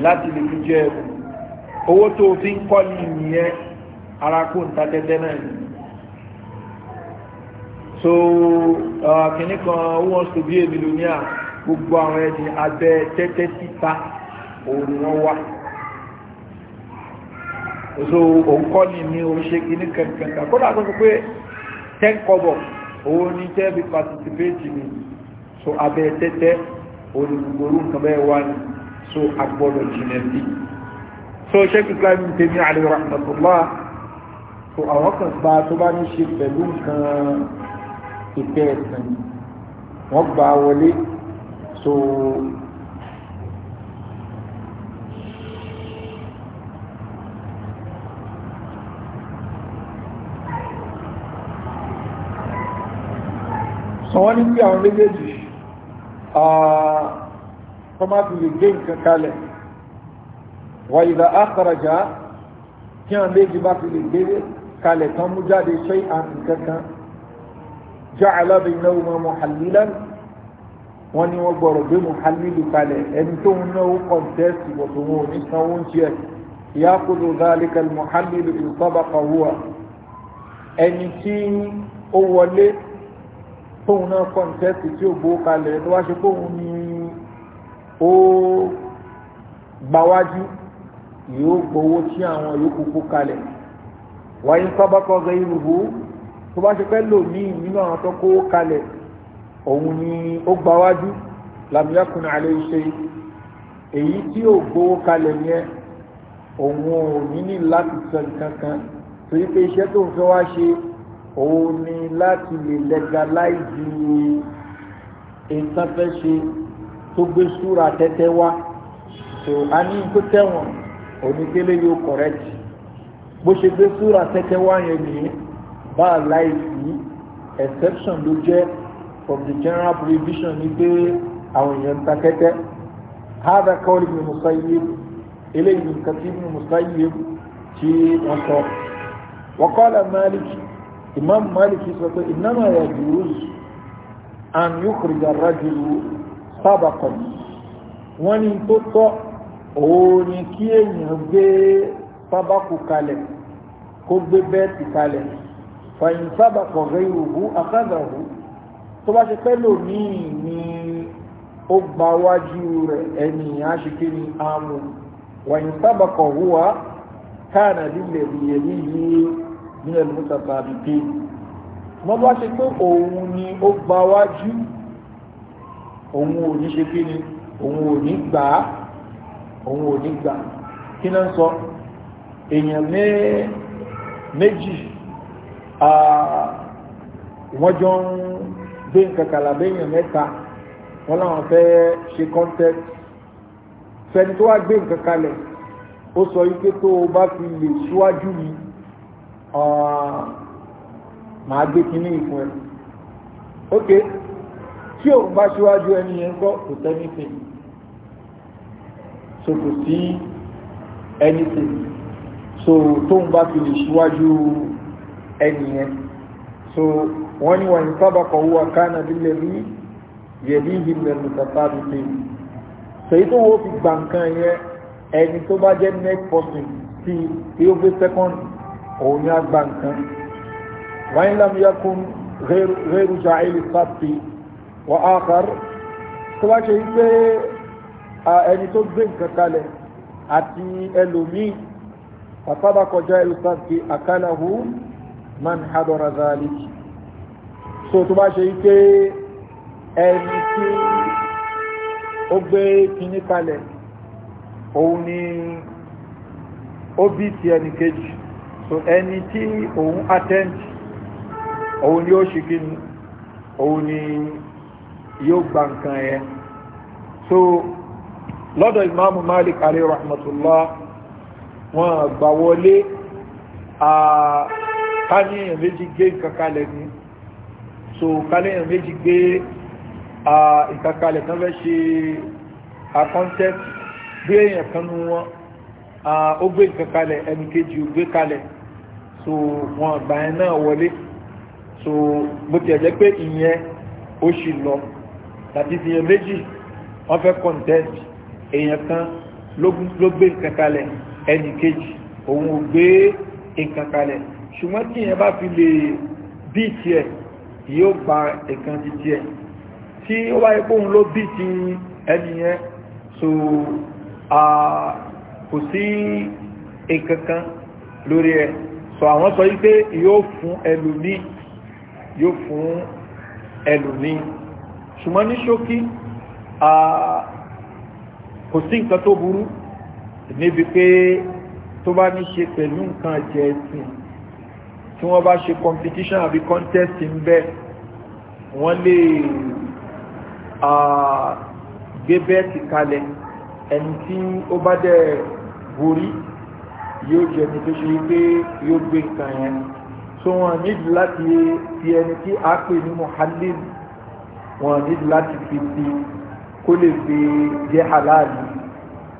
láti lè fi jẹ ẹ̀kú owó tó fi ń call in nìyẹn ara kó ń ta tẹ́tẹ́ náà ni so kìnnì kan who wants to be a millionaire gbogbo àwọn ẹni abẹ tẹ́tẹ́ síta òun ni wá so òun kọ́ ni mi ò ṣe kíní kankan kódà tó fi pé ten kọ́bọ̀ òun ní tẹ́ fi participate mi so abẹ́ tẹ́tẹ́ olùgbòrú nǹkan bẹ́ẹ̀ wá ní so agbọ́dọ̀ jìnà sí so sheikh islam tèmi alayhi rahmatullah so àwọn kan gba tó bá ní ṣe pẹ̀lú nǹkan ìtẹ́ ẹ̀sìn wọ́n gba wọlé so so wọ́n ní pé àwọn méjèèjì kọmátì lè gbé nǹkan kalẹ̀ wà ìdá ákàràjá kí àwọn méjì bá fi lè gbé kalẹ̀ tán mú jáde ṣe àmì kankan já alábìn náà wọn mọ̀hálílán wọ́n ní wọ́n gbọ́rọ̀ gbé mọ̀hálílù kalẹ̀ ẹni tó ń náwó kọ̀ǹtẹ́sì wọ̀tún wọn ò ní sanwó ń tiẹ̀ yàkùdù dhalika mọ̀hálílù ẹni tí ó wọlé tóun náà kọ́ńtẹ́ẹ̀tì tí ó gbowó kalẹ̀ tó wá ṣe kóun ní ó gbawájú yóò gbowó tí àwọn yòókù kó kalẹ̀ wáyé sábàkọ́ ọ̀gá irúgbó tó bá ṣe pẹ́ lò míì nínú àwọn tó kó kalẹ̀ òun ni ó gbawájú làmúyàkùnrin àlẹ́ iṣẹ́ èyí tí ó gbowó kalẹ̀ yẹn òun ò ní ní láti sọ nǹkan kan torí pé iṣẹ́ tó ń fẹ́ wá ṣe òun ni láti lè legalize nǹkan fẹ́ ṣe tó gbé súra tẹ́tẹ́ wá so a ní tó tẹ̀wọ̀n onígbélé yóò correct bó ṣe gbé súra tẹ́tẹ́ wá yẹn nìyí bá a láìsí exception ló jẹ́ from the general prohibition ni pé àwọn èèyàn ta tẹ́tẹ́ hada kawli ibn musayyib eléyìí nǹkan tí ibn musayyib tí wọ́n sọ wọ́n kọ́ ọ́ la máàlìkì imam maliki sọ pé ìnáma ya jùrùs an yukhrija rajulu sabaqan wọ́n ní tó tọ́ òun ni kí èèyàn gbé sábàkù kalẹ̀ kó gbé bẹ́ẹ̀tì kalẹ̀ fàyìn sábàkù ghayruhu akhadahu tó bá ṣe pẹ́ lòmíì ni ó gba wájú rẹ̀ ẹni àṣìkí ni àmú wàyìn sábàkù huwa kana lílẹ̀ yẹ̀lí ní ẹlòmítàtà àbíké wọ́n bá ṣe pé òun ni ó gba wájú òun ò ní ṣe kíni òun ò ní gbà á òun ò ní gbà kí náà sọ èèyàn méjì wọ́n jọ ń gbé nǹkan kàlà béèyàn mẹ́ta wọ́n láwọn fẹ́ ṣe contest fẹni tó wá gbé nǹkan ó sọ wípé tó o bá fi lè ṣíwájú mi máa gbé kínní ìfún ẹ ok tí o bá ṣíwájú ẹni yẹn gbọ́ kò tẹ́ni tè so kò sí ẹni tè so tóun bá fi lè ṣíwájú ẹni yẹn so wọ́n ní wọ́n sábàkọ̀ wúwa kánà lílẹ̀ rí yẹ̀dí ìhìnlẹ̀ lùtàtà rí tè sèyí tó wọ́n fi gbà nǹkan yẹn ẹni tó bá jẹ́ next person sí tí ó gbé second òun ni àgbà nǹkan wọ́n ń lam yakun ghairu ja'ili sabti wa akhar tó bá ṣe pé ẹni tó gbé nǹkan kalẹ̀ àti ẹlòmíì فطبق جائل الصدق أكله من حضر ذلك so tó bá ṣe ike ẹni tí ó gbé kíní kalẹ̀ òun ni ó bí ti ẹni kejì so ẹni tí òun attend òun ni ó ṣe kí òun ni yóò gba nǹkan yẹn so lọ́dọ̀ imaamu malik alayhi rahmatullah wọ́n gbà wọlé káníyàn méjì gbé ìkàkalẹ̀ ní so káníyàn méjì gbé ìkàkalẹ̀ kan fẹ́ ṣe a contest bí èèyàn kan nú wọn ó gbé nǹkan kalẹ̀ ẹnì kejì ó gbé kalẹ̀ so wọn àgbà yẹn náà wọlé so bó tiẹ̀ jẹ́ pé ìyẹn ó sì lọ tàbí ìyẹn méjì wọ́n fẹ́ kọ́ńtẹ́ǹtì èèyàn kan ló gbé nǹkan kalẹ̀ ẹnì kejì òun ò gbé nǹkan kalẹ̀ ṣùgbọ́n tí ìyẹn bá fi lè bí tiẹ̀ yóò gba nǹkan ti tiẹ̀ tí ó wáyé pé òun ló bí ti ẹnìyẹn so kò sí ìkankan lórí ẹ̀ sọ àwọn sọ wípé yóò fún ẹlòmí yóò fún ẹlòmí ṣùgbọ́n ní ṣókí kò sí nǹkan tó burú níbi pé tó bá ní ṣe pẹ̀lú nǹkan jẹ ẹ̀sìn tí wọ́n bá ṣe competition àbí contest ń bẹ́ wọ́n lè gbé bẹ́ẹ̀tì kalẹ̀ ẹni tí ó bá dẹ̀ borí yóò jẹ́ ní tó ṣe pé yóò gbé nǹkan yẹn so wọn nídìí láti fi ẹni tí a pè ní muhallil wọn nídìí láti fi ti kó lè fi jẹ́ halali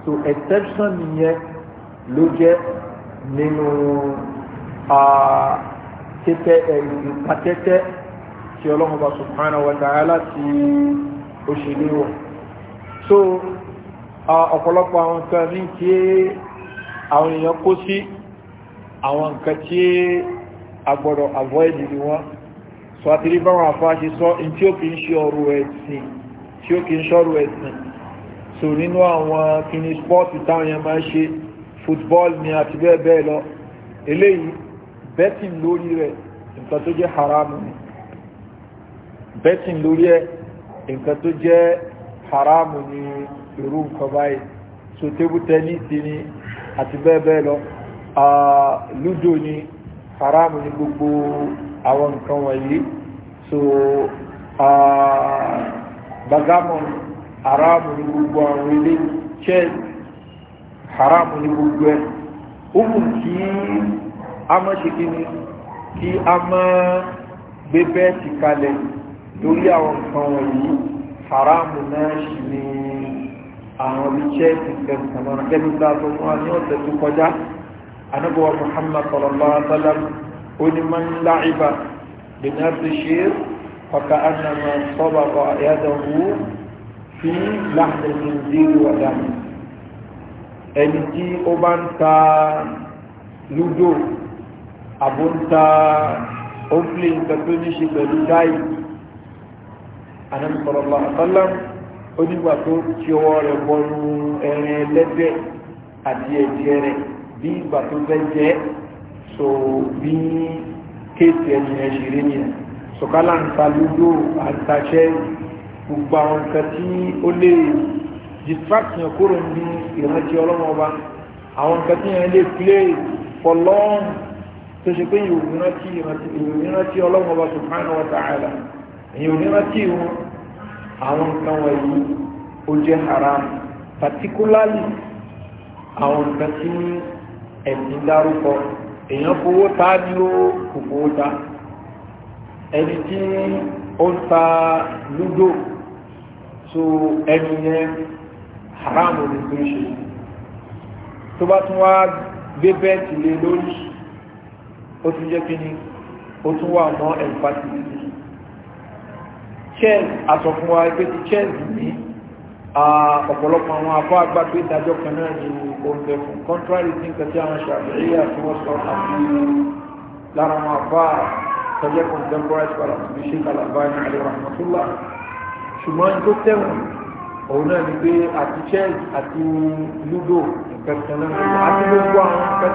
so exception nìyẹn ló jẹ́ nínú tẹ́tẹ́ ìpàtẹ́tẹ́ tí ọlọ́mọba subhanahu wa ta'ala tí ó ṣe léwọ̀ ọ̀pọ̀lọpọ̀ àwọn nǹkan ní tí àwọn èèyàn kó sí àwọn nǹkan tí agbọ̀dọ̀ avoid ni wọ́n sọ àti rí báwọn àfáàṣe sọ in tí ó kì ń ṣe ọrù ẹ̀sìn tí ó kì ń ṣọ́rù ẹ̀sìn so nínú àwọn kìíní spọ́ọ̀tì táwọn èèyàn máa ń ṣe football ni àti bẹ́ẹ̀ bẹ́ẹ̀ lọ eléyìí betting lórí rẹ̀ nǹkan tó jẹ́ haramu ni betting lórí ẹ̀ nǹkan tó jẹ́ haramu ni irú nǹkan báyìí so tébù tẹ́nísì ni àti bẹ́ẹ̀ bẹ́ẹ̀ lọ lúdò ni haramu ni gbogbo àwọn nǹkan wọ̀nyí so bagamon haramu ni gbogbo àwọn ilé chess haramu ni gbogbo ẹ̀ ohun kí a mọ́ ṣe kí ni kí a mọ́ gbé bẹ́ẹ̀ ti kalẹ̀ lórí àwọn nǹkan wọ̀nyí haramu náà ṣì ní àwọn ibi chẹ́ẹ̀tì kẹsàn-án gẹ́gẹ́ bí láti mú wa ní ọ̀sẹ̀ tó kọjá anábọ̀wá muhammad sallallahu alaihi wa sallam ó ní máa ń láìba bìnàbí ṣe ọ̀ka anamọ sọ́bàbọ̀ àyàdàwó fi láàrin ìdíru ọ̀dà ẹni ní ṣe ànábì sallallahu alaihi wasallam onígbà tó ti ọwọ́ rẹ̀ bọnú ẹ̀rìn ẹlẹ́dẹ̀ àti ẹ̀jẹ̀ rẹ̀ bí ìgbà tó fẹ́ jẹ́ so bí kéèsì ẹ̀yìn ẹ̀ṣìrí nìyẹn sọ̀kálà ń ta lúdó àtàṣẹ́ gbogbo àwọn nǹkan tí ó lè distraction kúrò ní ìrántí ọlọ́mọ àwọn nǹkan yẹn lè play for long tó ṣe pé ìròyìn rántí ọlọ́mọ ọba subhanahu wa ta'ala èyí ò ní rántí wọn àwọn nǹkan wọ̀nyí ó jẹ́ haram particularly àwọn nǹkan tí ẹ̀sìn dárúkọ èèyàn fowó ta ní ó kò fowó ta ẹni tí ó ń ta lúdò so ẹni yẹn haram ò ní tó ń ṣe tó bá tún wá gbé bẹ́ẹ̀tì lé lórí ó tún jẹ́ kí ni ó tún wà mọ́ empathy chess aṣọ fún wa ẹgbẹ́ ti chess ní ọ̀pọ̀lọpọ̀ àwọn afọ agbágbé ìdájọ́ kan náà ní oúnjẹ fún contrary sí nǹkan tí àwọn ṣàbẹ̀yẹ àti wọ́n sọ àti lára àwọn afọ àtọ́jẹ́ contemporary scholar ti fi ṣe kàlàbá ní alẹ́ rahmatullah ṣùgbọ́n tó tẹ̀wọ̀n òun náà ni pé àti chess àti ludo nǹkan kan náà àti gbogbo àwọn nǹkan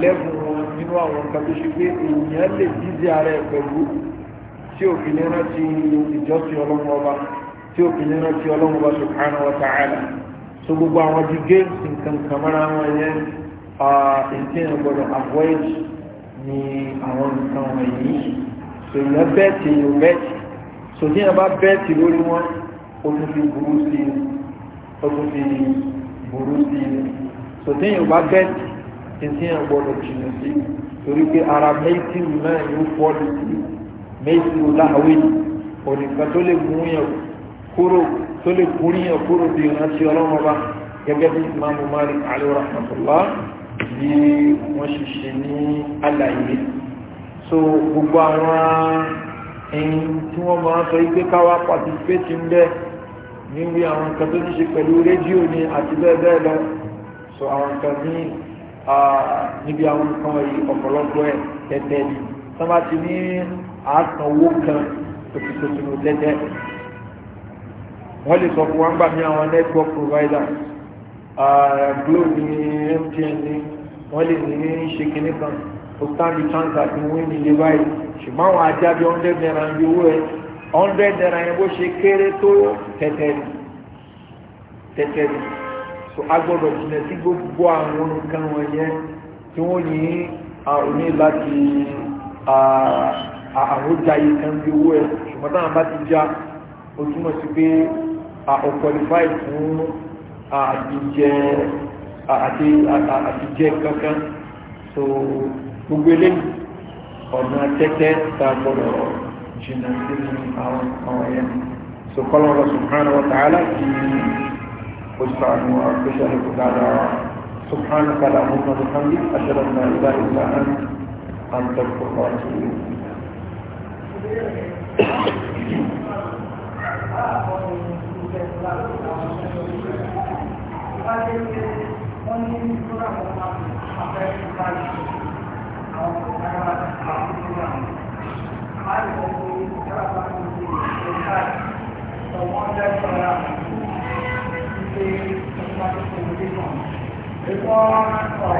tí nínú àwọn nǹkan tó ṣe pé èèyàn lè dídí ara ẹ̀ pẹ̀lú tí òfin ní rántí ìjọsìn ọlọ́run ọba tí òfin ní rántí ọlọ́run ọba subhanahu wa ta'ala so gbogbo àwọn di games nǹkan kàmárà wọn yẹn ètí ẹ̀ gbọ́dọ̀ avoid ní àwọn nǹkan wọ̀nyí so ìyẹn bẹ́ẹ̀tì yóò bẹ́ẹ̀tì so tí ẹ bá bẹ́ẹ̀tì lórí wọn ó tún fi burú sí i ó tún fi burú sí i so tí yóò bá bẹ́ẹ̀tì tí yẹn gbọ́dọ̀ jìnnà sí torí pé ara mẹ́tìrù náà yóò fọ́ọ̀lù sí mẹ́tìrù láàwé ònìkan tó lè mú yẹn kúrò tó lè kúrò yẹn kúrò bí ìrántí ọlọ́mọba gẹ́gẹ́ bí imamu malik alayhi rahmatullah bí wọ́n ṣe ṣe ní àlàyé so gbogbo àwọn ẹyin tí wọ́n máa sọ ipé káwá participate ń bẹ́ níbi àwọn nǹkan tó ní ṣe pẹ̀lú rédíò ni àti bẹ́ẹ̀ bẹ́ẹ̀ lọ so àwọn nǹkan ní níbi àwọn nǹkan yìí ọ̀pọ̀lọpọ̀ ẹ̀ tẹ́tẹ́ ni tí wọ́n bá ti ní àásan owó kan òtítòtò tẹ́tẹ́ wọ́n lè sọ fún wa ń gbà ní àwọn network provider glo ní mtn ní wọ́n lè ní ṣe kinní kan òtítàndì chance àti wọ́n ní ilé ṣùgbọ́n àwọn ajá bí hundred naira ń yowó ẹ̀ hundred naira yẹn bó ṣe kéré tó tẹ́tẹ́ ni tẹ́tẹ́ ni so a gbọ́dọ̀ jìnà sí gbogbo àwọn nǹkan wọ̀nyẹn tí wọ́n ní àrùn ní láti àrùjá yìí kan bí owó ẹ̀ ṣùgbọ́n táwọn bá ti já ó túmọ̀ sí pé ọ̀pọ̀lifáì fún àtijẹ́ kankan so gbogbo eléyìí ọ̀nà tẹ́tẹ́ tá a gbọ́dọ̀ jìnà sí àwọn ọ̀yẹn so kọ́lọ́rọ̀ subhanahu wa ta'ala kìí واجمعنا وأكشف لنا سبحانك اللهم وبحمدك أشهد أن لا إله إلا أنت أستغفرك وأتوب Thank you pé ọba tó kọ wọlé náà ẹ̀kọ́ ọ̀pọ̀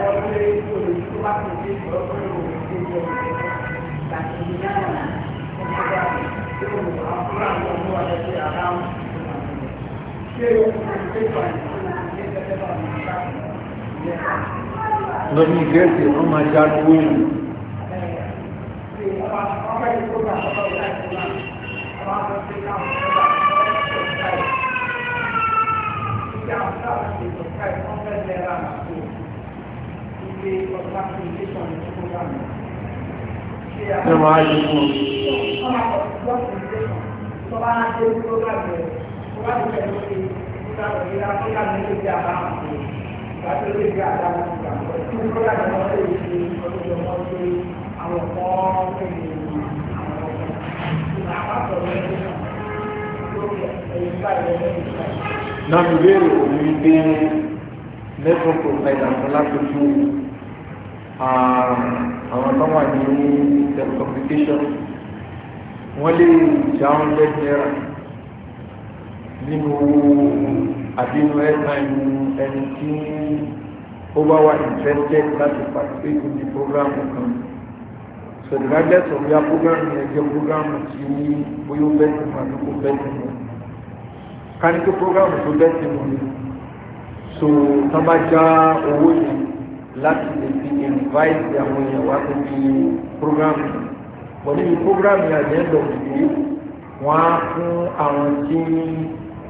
wọlé lórí tó bá tó dé ọ̀pọ̀ lórí tó yọ láti ní náà ọ̀pọ̀ bá tó àbúrò àwọn ọmọ wa lẹ́sẹ̀ àbá ṣé o kò tẹ́ pa lórí gẹ̀ẹ́sì wọ́n máa já dúró yìí. ọba ọba ìfowópamọ́ ọba ìfowópamọ́ ọba ìfowópamọ́. tí àwọn sábà ṣe sọ káì wọ́n fẹ́ lẹ́ra àpò ilé ọ̀pá communication ní tó bá mi. ṣé wàá yẹ fún mi. ọ̀pá communication tó bá ń ṣe tó bá bẹ̀ tó bá bẹ̀ ló ṣe nígbà tó ṣe láti ṣe láti ṣe bí àbá àpò ìgbà tó ṣe bí àbá àpò ìgbà tó ṣe bí àbá àpò ìgbà tó ṣe bí àbá àpò àwọn ọ̀pọ̀ ọ̀pẹ̀ àwọn ọ̀pọ̀ ìgbà àpapọ̀ ìgbà náà mi léèrè òun wípé network provider kan lápẹjú ah, àwọn tó wà ní telecommunication wọ́n lè jáwọn lẹ́gbẹ̀ẹ́ nínú àdínú airtime ẹni tí ó bá wà interested láti participate in the kan so of your program yẹn jẹ́ program tí bóyá ó bẹ́ẹ̀ tìmọ̀ àti kó bẹ́ẹ̀ tìmọ̀ ká program tó bẹ́ẹ̀ tìmọ̀ ni so tá bá já owó yẹn láti lè fi invite àwọn èèyàn wá tó fi program yẹn wọ́n níbi program yẹn àti end of the day wọ́n á fún àwọn tí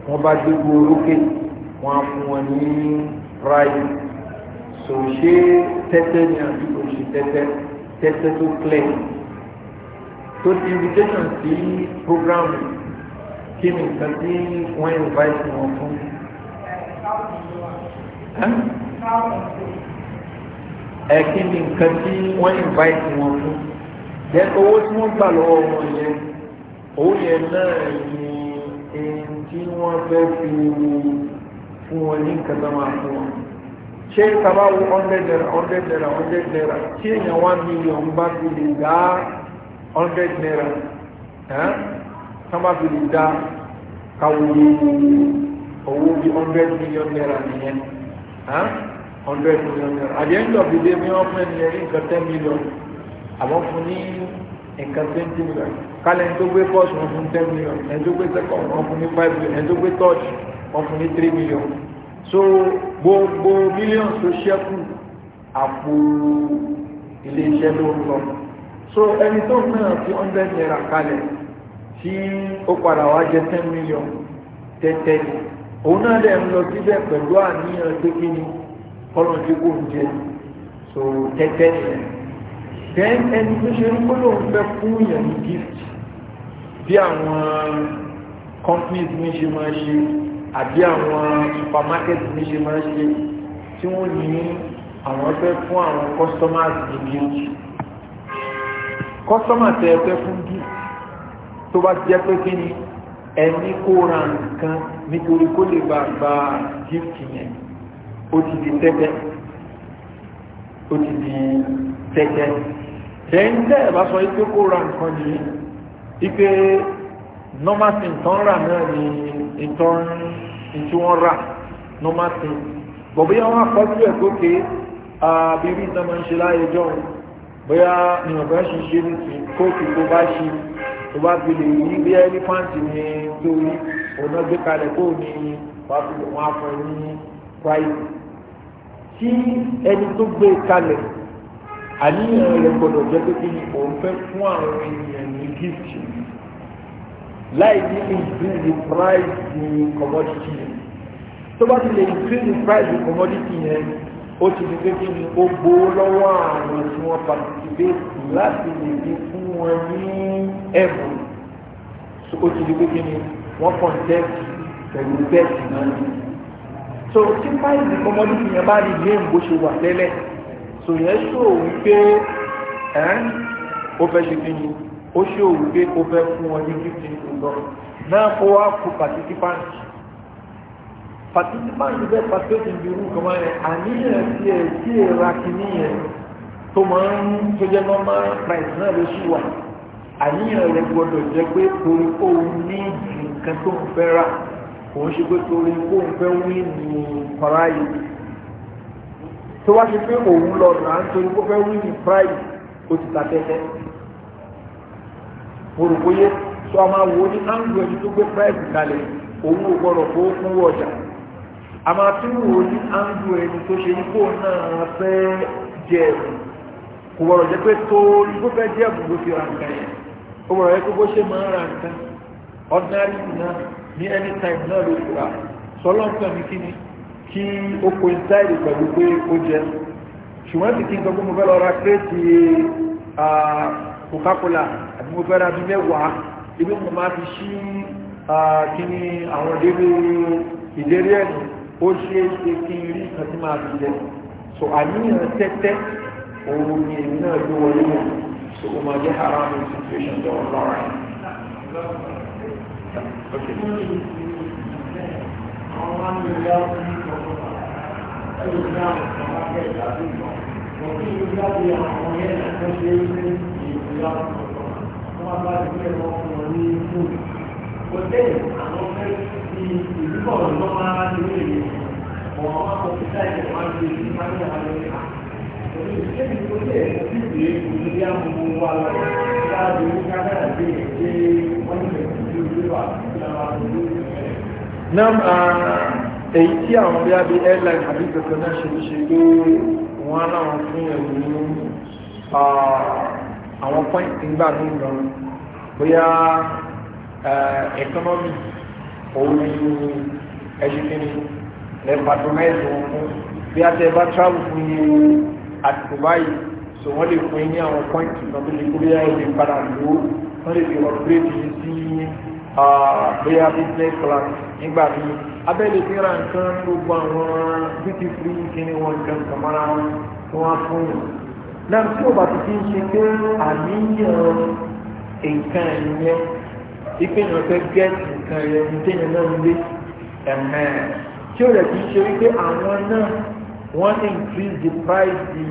wọ́n bá dégbò lókè wọ́n á fún wọn ní ráyè so ṣé tẹ́tẹ́ ni àbí kò ṣe tẹ́tẹ́ tẹ́tẹ́ tó clear tó ti invitation sí program kí ni nǹkan tí wọ́n invite wọn fún. ẹ kí ni nǹkan tí wọ́n invite wọn fún. jẹ́ owó tí wọ́n gbà lọ́wọ́ wọn yẹn owó yẹn náà ni èyí tí wọ́n fẹ́ fi fún wọn ní nǹkan tó máa fún wọn ṣé tàbá wo hundred naira hundred naira hundred naira tí èèyàn one million bá fi lè dá hundred naira tán bá fi lè dá kàwòye owó bí hundred million naira nìyẹn hundred million naira at the end of the day mi wọ́n fún ẹnìyẹn ní nǹkan ten million àwọn fún ní nǹkan twenty million kálẹ̀ ẹni tó gbé first wọn fún ten million ẹni tó so gbogbo mílíọ̀n tó ṣẹ́kù àpò iléeṣẹ́ ló ń so ẹni tó náà fi 100 naira kalẹ̀ tí ó padà wá jẹ 10 million tẹ́tẹ́ ni òun náà dẹ̀ lọ síbẹ̀ pẹ̀lú àníyàn tó kí ni ọlọ́run tí kò ń jẹ so tẹ́tẹ́ then ẹni tó ṣe ń gbọ́dọ̀ ń fẹ́ fún yẹn ní gift bí àwọn companies ní ṣe máa ṣe àbí àwọn supermarket ní ṣe máa ń ṣe tí wọ́n ní àwọn fẹ́ fún àwọn customers ní gift customer tẹ fẹ́ fún gift tó bá jẹ́ pé kí ni ẹni kó ra nǹkan nítorí kó lè bá gba gift yẹn ó ti di tẹ́tẹ́ ó ti di tẹ́tẹ́ tẹ́ńtẹ́ ẹ̀ bá sọ pé kó ra nǹkan nìyí ipe normal thing tán rà náà ni tí wọ́n rà normal thing bọ̀bí àwọn akọ́jú ẹ̀ gòkè àbírí ìdámọ̀ ń ṣe láyé jọ bóyá ni ọ̀bẹ̀ ṣe ṣe ní ti kóòtù tó bá ṣe tó bá fi lè rí bí ẹlífáǹtì ní lórí ọ̀nà gbé kalẹ̀ kó ní wọn afọ ní price tí ẹni tó gbé e kalẹ̀ àníyàn rẹ̀ gbọ́dọ̀ jẹ́ pé kí ni òun fẹ́ fún àwọn ènìyàn ní gift láì ní increase the price ní commodity yẹn tó bá ti lè increase the price ní commodity yẹn ó ti di pé kí ni ó gbó lọ́wọ́ àwọn tí wọ́n participate láti lè fi fún wọn ní ẹ̀bùn so ó ti di pé kí ni wọ́n contest pẹ̀lú bẹ́ẹ̀sì náà so tí price ní commodity yẹn bá rí game bó ṣe wà tẹ́lẹ̀ so yẹn ṣòwò wípé ẹ́ ó fẹ́ ṣe kí ni ó ṣe òwúgbé ó fẹ́ fún wọn ní fifteen thousand náà ó wá kó participant participant bẹ́ẹ̀ participant bí irú kan máa yẹn àníyàn sí ẹ̀ sí ẹ̀ ra kìíní yẹn tó máa ń tó jẹ́ normal price náà ló ṣì wà àníyàn rẹ̀ gbọ́dọ̀ jẹ́ pé torí òun ní nǹkan tó ń fẹ́ rà òun ṣe pé torí o fẹ́ wí ní faraayé tó wá ṣe pé òun lọ rà nítorí ó fẹ́ wí ní price ó ti ta tẹ́tẹ́ orùkóyé sọ ọmọ wo ní áńgọ̀ ẹni tó gbé price kalẹ̀ òun ò gbọ́dọ̀ kó fún ọjà àmọ́ àtúnwò wo ní áńgọ̀ ẹni tó ṣe ikú náà fẹ́ jẹ ẹ̀bùn kò gbọ́dọ̀ jẹ́ pé tó ikú fẹ́ jẹ ẹ̀bùn ló fi ra nǹkan yẹn ó gbọ́dọ̀ yẹ kó bó ṣe máa ń ra nǹkan ordinary náà ní any time náà ló fi ra sọlọ́ǹkan ní kíni kí ó coincide pẹ̀lú pé ó jẹ ṣùgbọ́n ti kí n sọ mo fẹ́ lọ ra kírètì coca-cola àti mo fẹ́ ra bí mẹ́wàá ibi mo máa fi ṣí kí ni àwọn ìlérí ìlérí ẹ̀nù ó ṣe é ṣe kí n rí nǹkan tí máa fi jẹ so àníyàn tẹ́tẹ́ òun ni èmi náà ló wọlé wọn so ó máa jẹ́ haram situation tó wọ́n lọ́ra ẹ̀ ìlà wọn bá ti fẹ́ wọn fún wọn ní fún kò èyí wọn àwọn bí amúgbó bí airline àbí kankan ṣe ṣe pé wọn náà fún ẹ̀wọ̀n àwọn pọ́ìntì ń gbà ní ìlọrin bóyá ẹ̀kọ́nọ́mì òun ni ẹ̀ṣinmi lẹ́ patronize wọn fún bí a tẹ́ bá travel fún ní àtìkò báyìí so wọ́n lè fún ní àwọn pọ́ìntì kan tó lè kó bí ẹ̀ṣin padà lò wọ́n lè fi upgrade yìí sí bóyá business class nígbà tí abẹ́lé ti ra nǹkan gbogbo àwọn duty free kí ni wọ́n nǹkan kàmọ́ra wọn fún yìí náà tí ó bá ti fi ń ṣe pé àníyàn nǹkan ẹ̀yẹn ipe náà fẹ́ gẹ́ẹ̀tì nǹkan ẹ̀yẹn ní téèyàn náà ń lé ẹ̀mẹ́ tí ó rẹ̀ ti ṣe wípé àwọn náà wọ́n ní increase the price di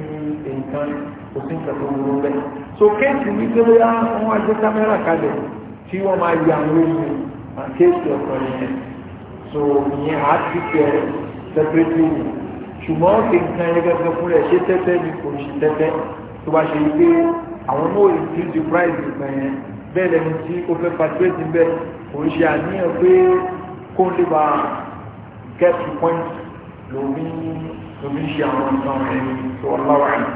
nǹkan òfin pẹ̀lú owó bẹ́ẹ̀. so kéèsì wípé bóyá wọ́n á gbé kámẹ́rà kalẹ̀ tí wọ́n máa yẹ àwọn oṣù àkéèsì ọ̀kan yẹn so ìyẹn àá ti tẹ̀ separately ṣùgbọ́n ó ti kan ẹgbẹ́ gẹ́gẹ́ fún rẹ̀ ṣé tẹ́tẹ́ ni kò ṣe tẹ́tẹ́ tó bá ṣe pé àwọn náà increase the price nìkan yẹn bẹ́ẹ̀ lẹ́ni tí ó fẹ́ patriote ń bẹ́ kò ṣe àníyàn pé kó lè ba get to point lómi lómi ṣe àwọn nǹkan rẹ̀ tó ọláwà yìí.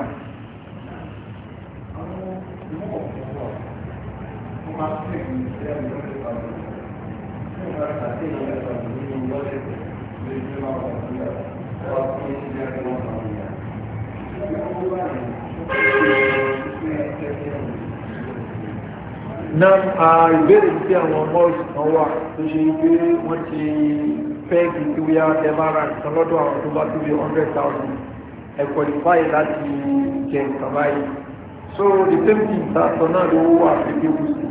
Thank na ìbéèrè tí àwọn mọ́ọ̀sì kan wà tó ṣe pé wọ́n ti pẹ́ẹ̀kì tí ó yá ẹmára nǹkan lọ́dọ̀ àwọn tó bá tóbi 100,000 ẹ̀kọ́ ìfáyì láti jẹ nǹkan so the same thing tààtọ̀ náà ló wà pépé kù sí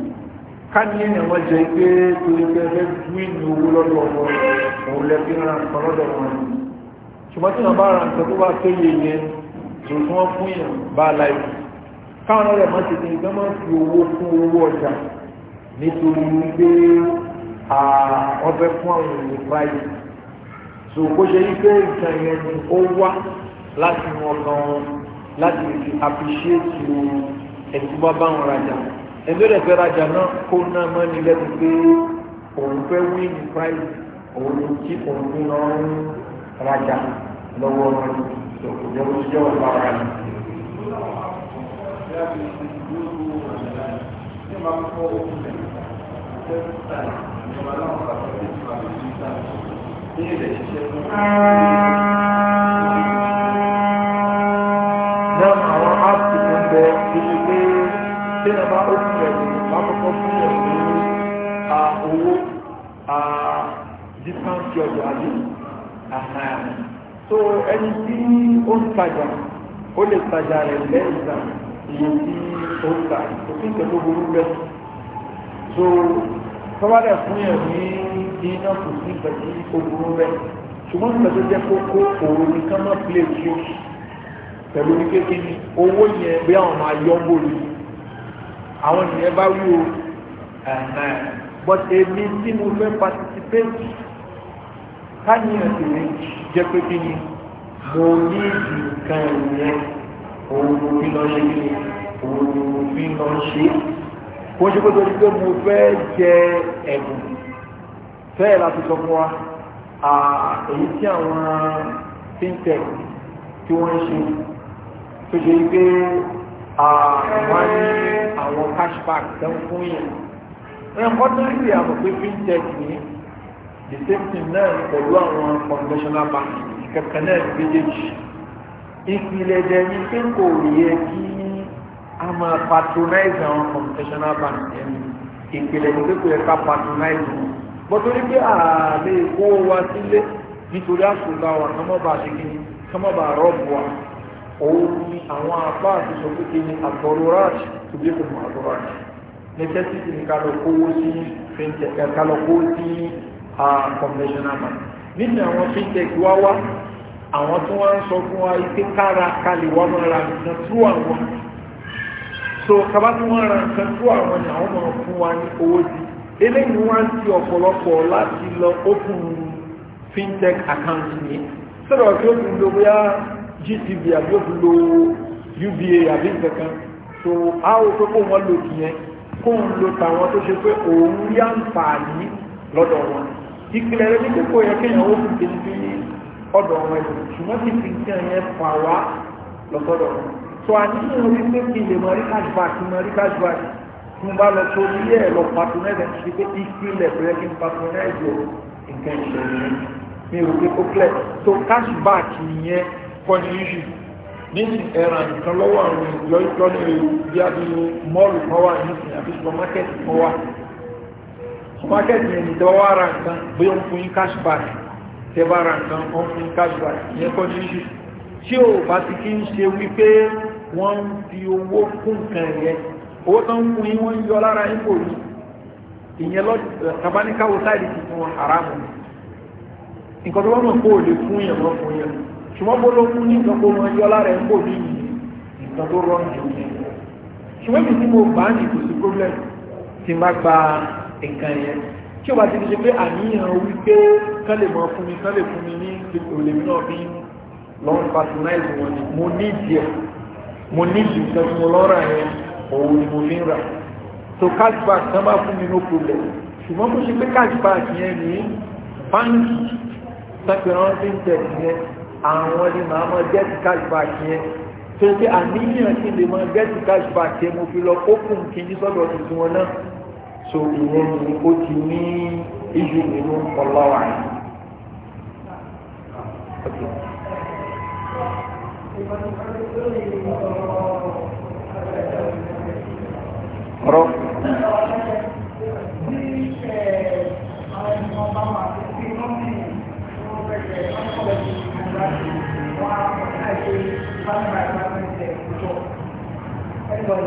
ká ní ẹ̀yàn wọ́n jẹ́ pé torí pé ẹgbẹ́ dúínì owó lọ́dọ̀ ọmọ òun lẹ́bí ń ra lọ́dọ̀ ọmọ yìí ṣùgbọ́n tí wọ́n bá ra nǹkan tó bá tó yẹ yẹn tó tí wọ́n fún yàn bá láìpù káwọn ọ̀rẹ́ máa ti ní ìgbọ́n máa fi owó fún owó ọjà nítorí wípé ọbẹ̀ fún àwọn ènìyàn báyìí so kó ṣe yí pé nǹkan yẹn ni ó wá láti wọn gan láti fi appreciate ẹ̀sùn bá bá wọn rajà ẹgbẹ́ rẹ̀ fẹ́ rajà náà kó náà mọ́ ní lẹ́nu pé òun fẹ́ win price òun kí òun náà ń rájà lọ́wọ́ ìjọ ìjọ ìpara rẹ̀. Thank you. so ẹni tí ó ń tajà ó lè tajà rẹ̀ lẹ́yìnlá iye tí ó ń ta òfin tẹ̀lé burú bẹ́ẹ̀ so tọ́wádà fún yẹn ní iná kò sí ìgbàjí ó burú bẹ́ẹ̀ ṣùgbọ́n nígbà tó jẹ́ kókó òun ni ká má pilẹ̀ tí ó pẹ̀lú ní kékeré owó yẹn bí àwọn máa yọ ń bòlù àwọn ènìyàn bá wí o but èmi tí mo fẹ́ participate káníyàn sì rí jẹ́ pé kí ni mo ní ìdí nǹkan ìyẹn òun mo fi lọ ṣe kí ni òun mo fi lọ ṣe kó ṣe pé torí pé mo fẹ́ jẹ ẹ̀bùn fẹ́ẹ̀ láti sọ fún wa èyí tí àwọn fintech tí wọ́n ń ṣe tó ṣe wípé àwọn ní àwọn cashback tẹ́ ń fún yẹn ẹ̀kọ́ tó ń rí àmọ̀ pé fintech nìyẹn the same thing náà ni pẹ̀lú àwọn conventional bank kẹ̀kẹ́ náà méjèèjì ìpìlẹ̀ dẹ̀ ni pé kò yẹ kí a máa patronize àwọn conventional bank ẹni ìpìlẹ̀ ni pé kò yẹ ká patronize wọn bọ́tọ́rí pé ààrẹ kó wa sílé nítorí àṣùgbà wa kọ́mọ́bà ṣe kí ni kọ́mọ́bà rọ́ọ̀bù wa òun ni àwọn apá àti sọ pé kí ni àtọ̀rọ̀ráàṣì tó bí kò mọ̀ àtọ̀rọ̀ráàṣì necessity ni ká lọ kówó sí fintech ká lọ kówó sí conventional man nínú àwọn fintech wá wá àwọn tí wọ́n ń sọ fún wa ike kára kalẹ̀ wọ́n máa ra nǹkan tú àwọn so kaba tí wọ́n ra nǹkan tú àwọn ni àwọn máa fún wa ní owó sí eléyìí wọ́n á ti ọ̀pọ̀lọpọ̀ láti lọ open fintech account ni sọ̀rọ̀ tí ó fi lo bóyá gtb àbí ó fi lo uba àbí nǹkan so a ó fẹ́ kó wọ́n lò kìyẹn kó ń lo tàwọn tó ṣe pé òun yá ń fà ní lọ́dọ̀ wọn ìpìlẹ̀ rẹ̀ ní kókó yẹ kéèyàn ó fi dèjì ọ̀dọ̀ wọn ẹ̀ ṣùgbọ́n ti fi nǹkan yẹn fà wá lọ́sọ̀dọ̀ tó a ní ìwọ̀n wípé kí lè mọ rí cashback mọ rí cashback tí mo bá lọ tó ilé ẹ̀ lọ patronize ẹ̀ ṣe pé ìpìlẹ̀ rẹ̀ kí n patronize ẹ̀ nǹkan ìṣẹ̀lẹ̀ mi ò pé kó clear so cashback yẹn kọ́ ni issue níbi ẹ̀ràn nǹkan lọ́wọ́ àwọn ìjọ ìjọ ní bí a bí supermarket yẹn ní tẹ́wọ́ ara nǹkan bóyá ń fún yín cashback tẹ́bá ara nǹkan wọ́n fún yín cashback ìyẹn kọ́ ní ṣù tí ò bá ti kí ń ṣe wípé wọ́n ń fi owó kún nǹkan yẹn owó tó ń fún yín wọ́n ń yọ lára yín kò ní ìyẹn lọ tabaníkàwó sáìdì ti fún wọn haramu nǹkan tó wọ́n mọ̀ kó o lè fún yẹn wọ́n fún yẹn ṣùgbọ́n bó ló fún ní nǹkan kó wọn yọ lára yín kò ní nǹkan tó rọrùn jù mo bá ní kò sí problem tí má gba nǹkan yẹn tí ó bá ti di ṣe pé àníyàn wípé kán lè mọ fún mi kán lè fún mi ní olèmí náà bí lọ́n patronize wọn ni mo ní ìdíẹ̀ mo ní ìdí nǹkan tí mo lọ́ra yẹn òun ni mo fi ń rà so cashback tán bá fún mi no problem ṣùgbọ́n mo ṣe pé cashback yẹn ní báńkì sẹ́pẹ̀rán fintech yẹn àwọn ni màá so ìyẹn ni ó ti ní iṣu nínú ọlọ́wà yìí. ọ̀rọ̀. Thank you náà máa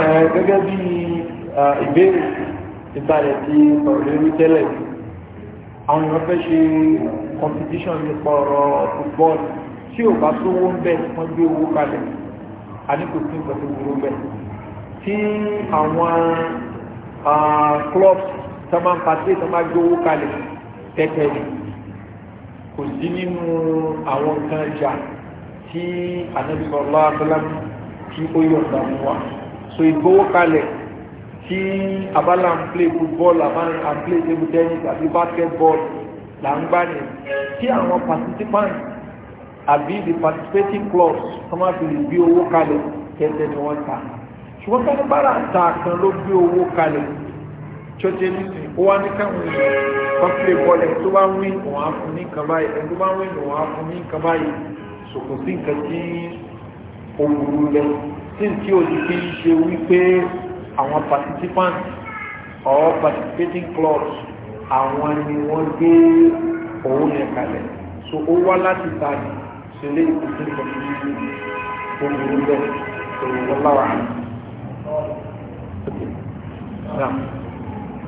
yẹ gẹ́gẹ́ bí ìbéèrè ìbàdẹ̀ tí ọ̀rọ̀ lórí tẹ́lẹ̀ àwọn èèyàn fẹ́ ṣe competition nípa ọ̀rọ̀ football tí ò bá sówó ń bẹ̀ wọ́n gbé owó kalẹ̀ a ní kò sí nǹkan tó burú bẹ̀ tí àwọn clubs tó máa ń pàṣẹ tó máa gbé owó kalẹ̀ tẹ́tẹ́ ni kò sí nínú àwọn nǹkan ìjà tí Ànábì sallallahu alaihi wasallam tí ó yọ̀ǹda fún wa so ìgbówó kalẹ̀ tí abala ń play football abala ń play table tennis àbí basketball là ń gbá ni tí àwọn participants àbí the participating clubs tó máa fi lè gbé owó kalẹ̀ tẹ́tẹ́ ni wọ́n ta ṣùgbọ́n tó ń bára ta kan ló gbé owó kalẹ̀ tó jẹ́ nísìn ó wá ní káwọn èèyàn wọ́n fi lè bọ́lẹ̀ tó bá wí òun á fún ní nǹkan báyìí ẹni tó bá wí òun á fún ní nǹkan báyìí sòkò sí nǹkan tí òwúrú lẹ sí o ti fi ń ṣe wípé participants or participating clubs àwọn ni wọ́n gbé òun yẹn kalẹ̀ so ó wá láti ta ni ṣe lè kó sí nǹkan tí òwúrú lẹ òwúrú lọ́wọ́ àná. Yeah.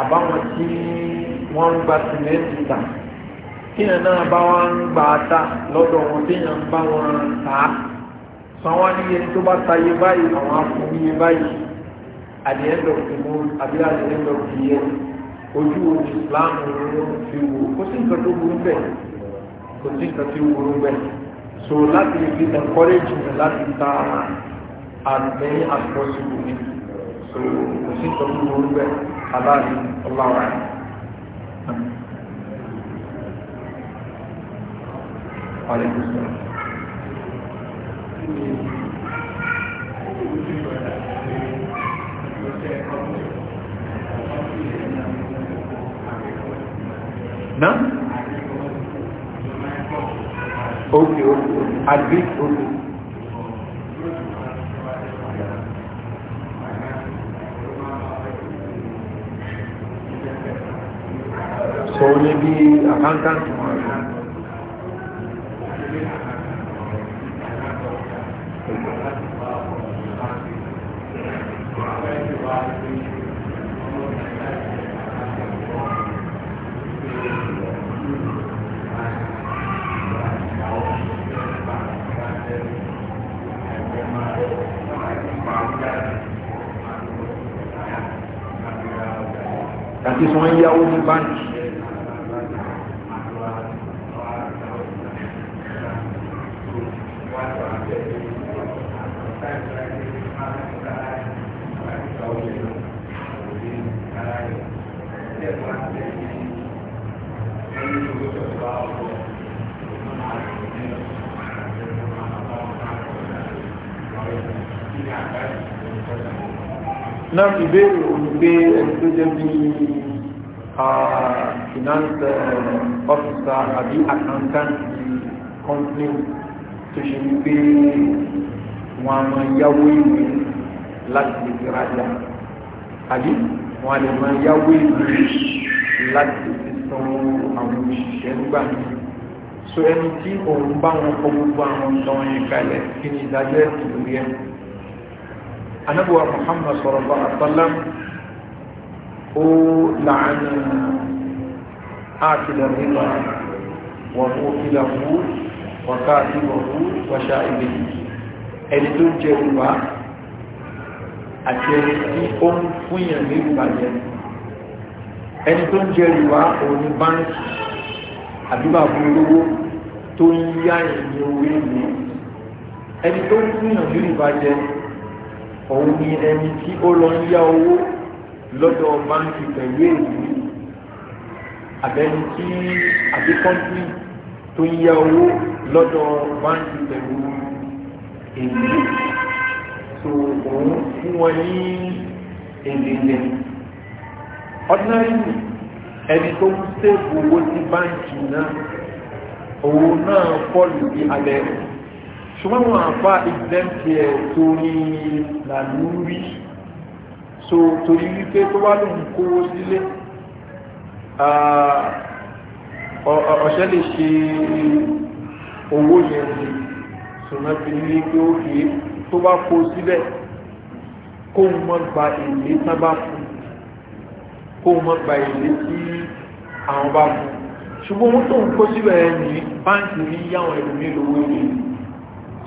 àbáwọn tí wọ́n ń gba sìmẹ́ǹtì tà tíyàn náà bá wọn ń gbà á tà lọ́dọ̀ wọn tíyàn ń bá wọn tà á sanwó ní tó bá ta iye báyìí àwọn afún iye báyìí at the end of the month àbí at the end of the year ojú ojú Islam ló ń fi wò kó sí nǹkan tó burú bẹ́ẹ̀ kò sí nǹkan tó burú bẹ́ẹ̀ so láti fi encourage mi láti ta as many as possible so kò sí nǹkan tó burú bẹ́ẹ̀ àbáàdì ọláwà Nah? Okay, okay. Agree, okay. abundant náà ìbéèrè olùgbé ẹni tó jẹ́ bí finance officer àbí accountant company tó ṣe wípé wọn a máa yáwó ìwé láti lè fi rajà àbí wọn a lè máa yáwó ìwé láti lè fi san àwọn òṣìṣẹ́ nígbà míì so ẹni tí òun bá wọn kọ gbogbo àwọn ọ̀dọ́ yẹn kalẹ̀ kí ni ìdájọ́ ẹ̀sìn lórí ẹ̀sìn anábùwà muhammad sallallahu alaihi wasallam ó làánà ákìlẹ̀ rírà wọ́n mú kílà mú wọ́ká àti wọ̀hú wọ́ṣà ilé ẹni tó jẹ ìwà àti ẹni tí ó ń fúnyàn ní ìbàjẹ́ ẹni tó ń jẹ ìwà òní báńkì àdúgbà fún olówó tó ń yáyìn ní orí ìlú ẹni tó ń fúnyàn ní ìbàjẹ́ òun ni ẹni tí ó lọ ń yá owó lọ́dọ̀ báńkì pẹ̀lú èyí àbẹ́ni tí àbíkọ́ńtì tó ń yá owó lọ́dọ̀ báńkì pẹ̀lú èyí tó òun fún wọn ní èdè yẹn ordinary ẹni tó ń sèbù owó sí báńkì náà owó náà fọ́ọ̀lù bí abẹ́rẹ́ ṣùgbọ́n wọn àpá ìgbẹ́mtì ẹ̀ torí làlúrí so torí wípé tó wá lóun kówó sílé ọ̀ṣẹ́ lè ṣe owó yẹn ni ṣùgbọ́n fi ní pé ó fi tó bá kó sílẹ̀ kóun mọ́ gba èlé tán bá fún kóun mọ́ gba èlé tí àwọn bá fún ṣùgbọ́n wọ́n tó ń kó sílẹ̀ ẹ̀ ní báńkì ní yáwọn ẹlòmíì lówó èlé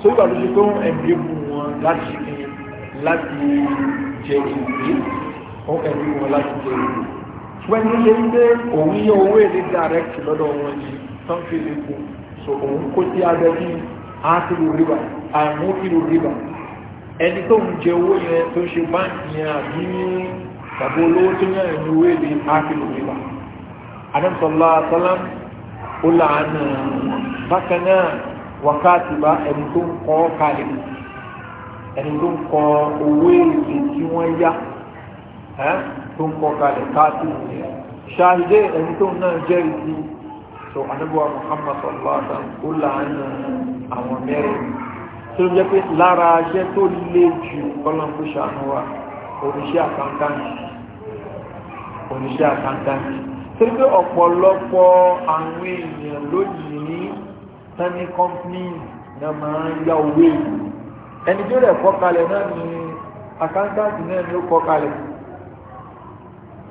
tó ìgbà tó ṣe pé wọ́n ẹ̀mí mú wọn láti láti jẹ ìwé ó ẹ̀mí wọn láti jẹ ìwé wọ́n ní ṣe pé òun yẹ owó èlé direct lọ́dọ̀ wọn yìí tán fi lè kó so òun kó sí abẹ́ bí ákìlú rìbà àmúkìlú rìbà ẹni tó ń jẹ owó yẹn tó ṣe báńkì yẹn àbí tàbí olówó tó yẹn ní owó èlé ákìlú rìbà adamsọlá sálám ó làánà bákan náà wákàtìbá ẹni tó ń kọ́ kalẹ̀ ẹni tó ń kọ owó èyí tí wọ́n yá tó ń kọ́ kalẹ̀ káàtìbù ṣáàdé ẹni tó náà jẹ́ ìdí so anábíwá Muhammad sallallahu alaihi wasallam ó láàánú àwọn mẹ́rin tó jẹ́ pé lára aṣẹ́ tó lé jù ọlọ́nkú ṣàánú wa oníṣẹ́ àkántáǹtì oníṣẹ́ àkántáǹtì tó pé ọ̀pọ̀lọpọ̀ àwọn èèyàn lónìí tán ní kọ́mpínì náà máa ń yá owó èyí ẹni tí ó rẹ̀ kọ́ náà ni àkáńtáǹtì náà ni ó kọ́ kalẹ̀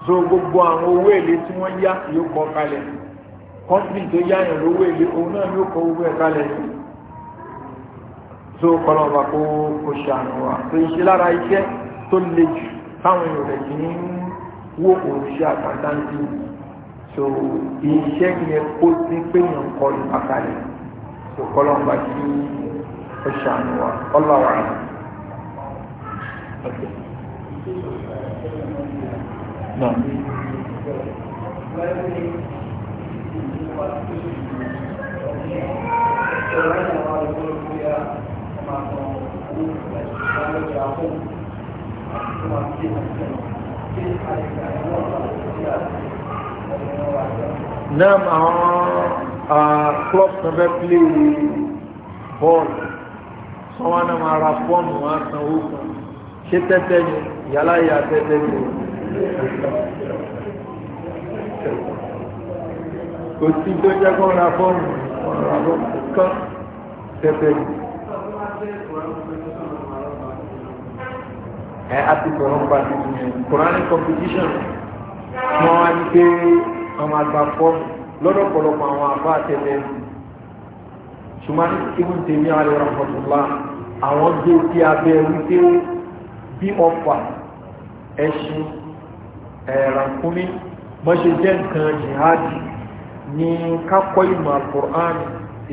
so gbogbo àwọn owó èlé tí wọ́n yá yóò kọ́ kalẹ̀ kọ́mpínì tó yá yàn lówó èlé òun náà yóò kọ́ owó ẹ̀ kalẹ̀ yìí tó kọlọ̀bà kó kò ṣàánú wa tó iṣẹ́ lára iṣẹ́ tó lè jù táwọn èèyàn rẹ̀ kì ní wó òṣìṣẹ́ àtàtàntì so iṣẹ́ yẹn kó tí pé yàn kọ ìpàkalẹ̀ tó kọ́lọ́mbà kí ó ṣàánú wa ọlọ́wà rẹ̀. Náà. Náà àwọn Ah, club kan fẹ́ play bọ́ọ̀lù sọ́wọ́n náà máa ra fọ́ọ̀mù wọn san owó kan ṣé tẹ́tẹ́ ni yàrá ìyá tẹ́tẹ́ ni kò sí tó jẹ́ kó ra fọ́ọ̀mù wọn ra fọ́ọ̀mù kan tẹ́tẹ́ ni. ẹ á ti sọ̀rọ̀ nípa tuntun yẹn Quranic competition wọ́n wá ní pé ọmọ àgbà fọ́ọ̀mù lọ́dọ̀ pọ̀lọpọ̀ àwọn àbá àtẹ́lẹ̀ ṣùgbọ́n ibùn tèmi àrẹ rahmatullah àwọn gbé tí a bẹ wípé bí ọfà ẹṣin ẹ̀rànkúnmí mọ́ṣe jẹ́ nǹkan jihadi ní kákọ́ ìmọ̀ al-Qur'an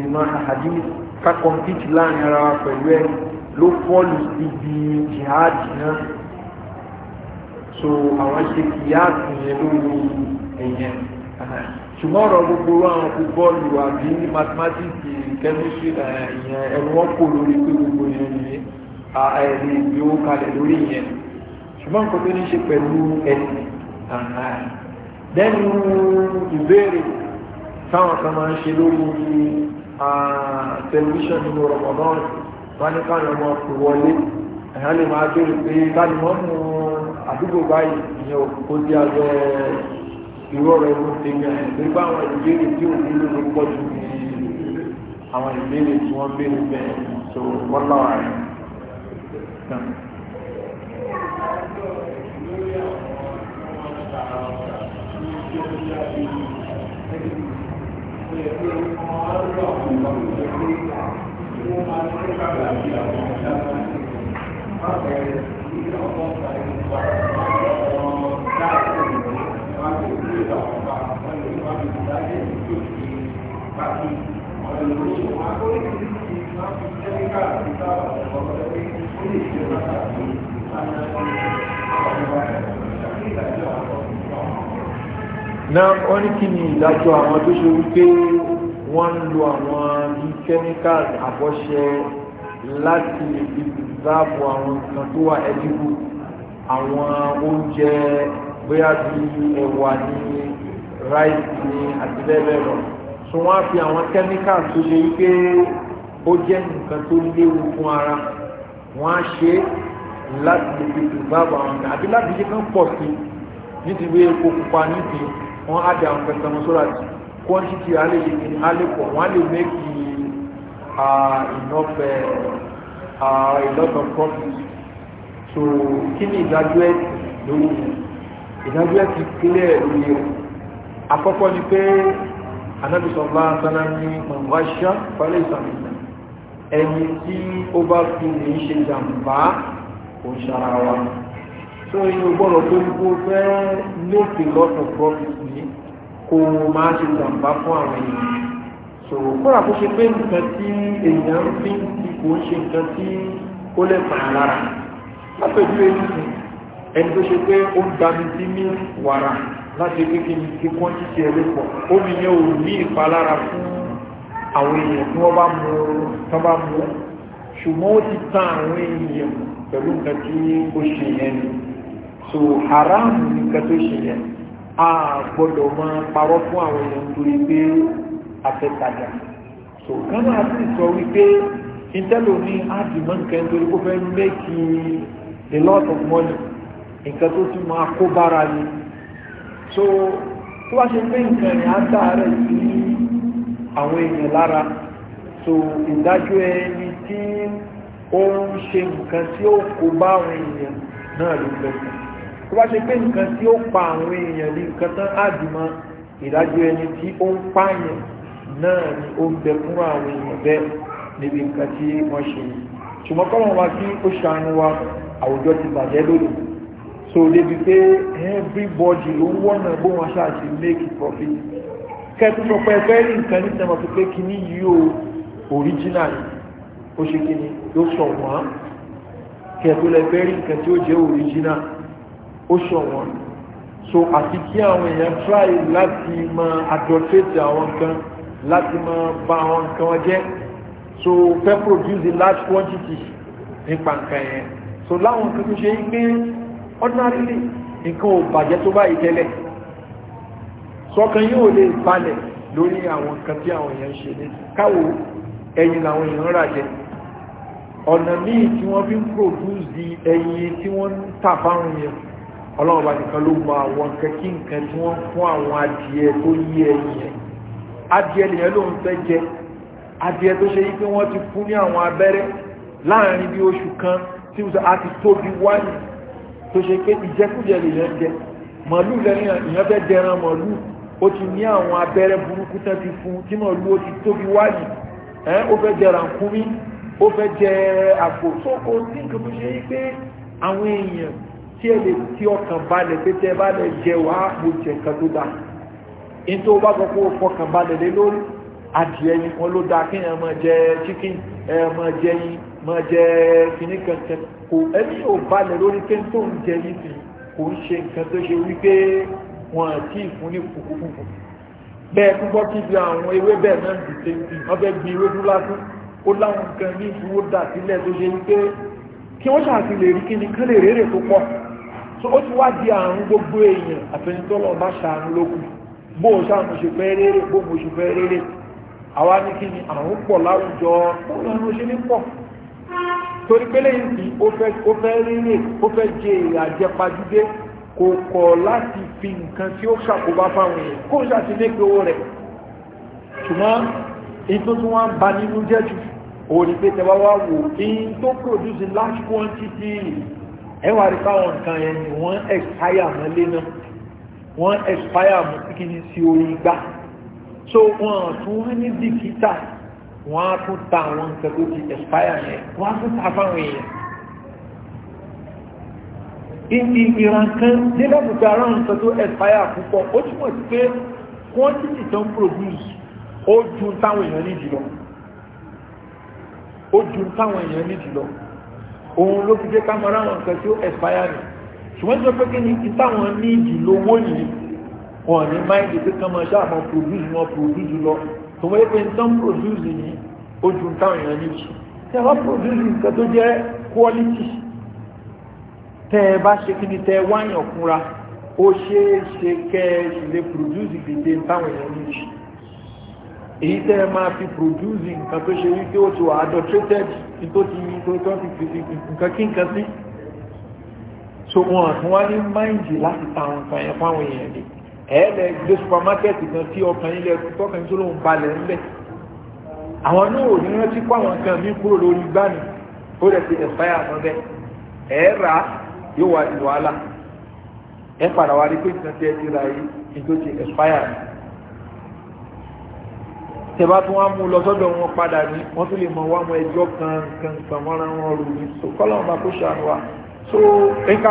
ìmọ̀ hadith kákọ́ píìtì láàrin ara pẹ̀lú ẹ̀ ló fọ́ọ̀lù síbi jihadi náà so àwọn ṣe kìí àtúnyẹ lórí ẹ̀yẹn ṣùgbọ́n ọ̀rọ̀ gbogbo àwọn fúbọ́ọ̀lù àbí mathematics chemistry eh, ìyẹn ẹ̀rù wọn kò lórí pé gbogbo yẹn ni ẹ̀rí ìgbéwó kalẹ̀ lórí yẹn ṣùgbọ́n nǹkan tó ní ṣe pẹ̀lú ẹ̀sìn dẹ́nu ìbéèrè táwọn kan máa ń ṣe lórí tẹlifíṣàn nínú Ramadan wọn ní káwọn ọmọ kò wọlé ẹ̀hán lè máa béèrè pé báyìí wọ́n mú àdúgbò báyìí ìyẹn kò sí abẹ́ irú ọ̀rọ̀ ìlú ti gbà nígbà àwọn ìbéèrè tí òun ló ló pọ̀ jù ní àwọn ìbéèrè tí wọ́n béèrè bẹ́ẹ̀ tó wọ́n láwà rẹ̀. Thank you. náà wọ́n ní kí ni ìdájọ́ àwọn tó ṣe wípé wọ́n ń lo àwọn bí chemical àbọ́ṣẹ láti ibi ìdáàbò àwọn nǹkan tó wà edible àwọn oúnjẹ bóyá bí ẹ̀wà ní rice ni àti bẹ́ẹ̀ bẹ́ẹ̀ lọ so wọ́n á fi àwọn chemical tó ṣe wípé ó jẹ́ nǹkan tó léwu fún ara wọ́n á ṣe láti lè fi dùbàbò àwọn ọ̀gá àbí láti ṣe kán pọ̀ sí nítorí pé epo pupa níbi wọ́n á dà àwọn pẹ̀sẹ̀ wọn sóra tí quantity á lè ṣe á lè pọ̀ wọ́n á lè mẹ́kì uh, enough uh, uh, a lot of profit so kí ni ìdájọ́ ẹ̀ lówó ìdájọ́ ẹ̀ ti clear lórí rẹ̀ àkọ́kọ́ ni pé anábìsọ̀lá sáná ní mọ̀gáṣá pẹ̀lú ìsàmìlẹ̀ ẹni tí ó bá fi lè ṣe jàǹbá kò ṣara wa tó yíò gbọ́dọ̀ tó ń kó fẹ́ lókè lọ́tọ̀ profit ní kò máa ṣe jàǹbá fún àwọn èèyàn so kóra kó ṣe pé nǹkan tí èèyàn fi ń ti kò ń ṣe nǹkan tí ó lè fàyà lára lápẹjú èyí ẹni tó ṣe pé ó ń dami sí ní wàrà láti pé kí ni kí wọ́n títí ẹ̀ lépọ̀ omi yẹn ò ní ìpalára fún àwọn èèyàn tí wọ́n bá mú tán bá mú ṣùgbọ́n ó ti tán àwọn èèyàn pẹ̀lú nǹkan ó ṣe yẹn ni so haram nǹkan tó ṣe yẹn a gbọ́dọ̀ máa parọ́ fún àwọn èèyàn nítorí pé afẹ́tajà so kánà àti sọ wípé ìtẹ́lò ní àdìmọ́ nǹkan nítorí kó fẹ́ mẹ́kì a lot of money nǹkan tó tún máa kó bára ni so tó wá ṣe pé nǹkan rìn á dáàrẹ̀ sí àwọn èèyàn lára so ìdájọ́ ẹni tí ó ń ṣe nǹkan tí ó kó bá àwọn èèyàn náà ló lọ́pọ̀ tó wá ṣe pé nǹkan tí ó pa àwọn èèyàn ní nǹkan tán àdìmọ́ ìdájọ́ ẹni tí ó ń pààyàn náà ni ó ń bẹ fún àwọn èèyàn bẹ́ẹ̀ níbi nǹkan tí wọ́n ṣe ṣùgbọ́n kọ́lọ̀ wa kí ó ṣàánú wa àwùjọ ti bàjẹ́ lónìí so débi say everybody ló ń wọ́nà bó wọn ṣáàṣì make profit kẹ́tù sọ pé ẹgbẹ́ rí nǹkan ní sẹ́mọ̀ pé kíní yìí o original ó ṣe kíní ló sọ wọ́n kẹ́tù lẹ́gbẹ́ rí nǹkan tí ó jẹ́ original ó sọ wọ́n so àti kí àwọn èèyàn try láti máa adulterate àwọn nǹkan láti máa bà àwọn nǹkan wọn jẹ́ so fẹ́ produce a large quantity nípa nǹkan yẹn so láwọn nǹkan tó ṣe é gbé ordinarily nǹkan ò bàjẹ́ tó bá ìtẹ́lẹ̀ sọ́kan yóò lè balẹ̀ lórí àwọn nǹkan tí àwọn èèyàn ṣe ní káwò ẹyin làwọn èèyàn rà jẹ ọ̀nà míì tí wọ́n fi ń produce ẹyin tí wọ́n ń tà fáwọn yẹn ọlọ́ọ̀bá nìkan ló mọ àwọn nǹkan nǹkan tí wọ́n fún àwọn adìẹ tó yí ẹyin yẹn adìẹ nìyẹn ló ń fẹ́ jẹ adìẹ tó ṣe yí pé wọ́n ti fún ní àwọn abẹ́rẹ́ láàrin bí oṣù kan tí wọ́n ti tóbi wáyé tó ṣe pé ìjẹkújẹ lè yẹn jẹ màálù lẹ́yìn ìyẹn fẹ́ jẹran màálù ó ti ní àwọn abẹ́rẹ́ burúkú tán ti fún tí màálù ó ti tóbi wáyì ẹ́ ó fẹ́ jẹ rànkúmí ó fẹ́ jẹ àpò tó o ní nǹkan tó ṣe pé àwọn èèyàn tí ẹ lè tí ọkàn balẹ̀ pé tẹ bá lẹ̀ jẹ wàá mo jẹ nǹkan tó dáa ní tó bá sọ pé ó fọkàn balẹ̀ lé lórí adìẹ yìí wọn ló dáa kéèyàn máa jẹ chicken ẹ máa jẹ yìí máa jẹ kìnnì kankan kò ẹni ò balẹ̀ lórí pé tó ń jẹ yìí sí kò ń ṣe nǹkan tó ṣe wípé wọn àti ìfún ní kùkùkùkù bẹ́ẹ̀ púpọ̀ kí bí àwọn ewé náà dì sí wọn fẹ́ gbin ewédú lásán ó láwọn nǹkan ní ìfowó dà sílẹ̀ tó ṣe wípé kí wọ́n ṣàfihàn rí kí kán lè rérè tó pọ̀ so ó ti wá di àrùn gbogbo èèyàn àfẹnitọ́lọ́ bá ṣàánú lókun bó o ṣàmùṣe fẹ́ rérè bó o mọ̀ṣe fẹ́ rérè àwa ní kí ni àrùn pọ̀ láwùjọ bóyá ló ṣe ní pọ̀ torí pé lẹ́yìn tí ó fẹ́ rírè ó fẹ́ jẹ èrè àjẹpajúdé kò kọ̀ láti fi nǹkan tí ó ṣàkóbá fáwọn èèyàn kó ṣàtìlẹ́gbẹ̀ owó rẹ̀ ṣùgbọ́n èyí tó tún wá ń ba nínú jẹ́ jù òní pé tẹwà wá wò ní tó produce large quantity ẹwà rí fáwọn nǹkan yẹn ni wọ́n expire mọ́ lé náà wọ́n expire mọ́ kíkí sí orí gbá so wọn tún wọn ní dìkítà wọn á tún ta àwọn nǹkan tó ti expire yẹn wọn á tún ta fáwọn èèyàn ìdí ìrànkan débàbùkà ara nǹkan tó expire púpọ̀ ó túmọ̀ sí pé quantity tó ń produce ó ju táwọn èèyàn ní jùlọ ó ju táwọn èèyàn ní jùlọ òun ló fi jẹ́ ká mọ ara nǹkan tó expire ni ṣùgbọ́n tí wọ́n pé kí ni ìtàwọn ní jùlọ wọ́n yìí wọn ní máìlì pé kán máa ṣáàmọ́ produce wọn produce lọ tó wọ́n yẹ pé nǹkan produce ni ojú táwọn èèyàn ní jù tẹ́ wọ́n produce nǹkan tó jẹ́ quality tẹ́ ẹ bá ṣe kí ni tẹ́ wáyàn kúnra ó ṣe é ṣe kẹ́ ẹ sì lè produce dìde táwọn èèyàn ní jù èyí tẹ́ ẹ máa fi produce nǹkan tó ṣe wípé ó ti wà adulterated ní tó ti yí tó tó fi fi nǹkan kí nǹkan sí so wọn àtúnwá ní máìlì láti ta àwọn nǹkan yẹn fáwọn èèyàn lè ẹ̀ẹ́lẹ̀ gbé supermarket kan tí ọkàn yín lẹ tọkàn yín tó lóun balẹ̀ ńlẹ̀ àwọn náà ò ní rántí kó àwọn nǹkan mi kúrò lórí gbani ó rẹ̀ ti ẹ̀fáyà kan bẹ́ẹ̀ ẹ̀ẹ́ rà á yóò wá di wàhálà ẹ̀ padà wá rí pé nǹkan tí ẹ ti ra yìí kí n tó ti ẹ̀fáyà ni tẹ̀bá tí wọ́n mú lọ sọ́dọ̀ wọn padà ní wọ́n tún lè mọ wá mọ ẹjọ́ kan kan kan mọ́ra wọn rò ní so kó ṣàánú wa so ẹ̀ka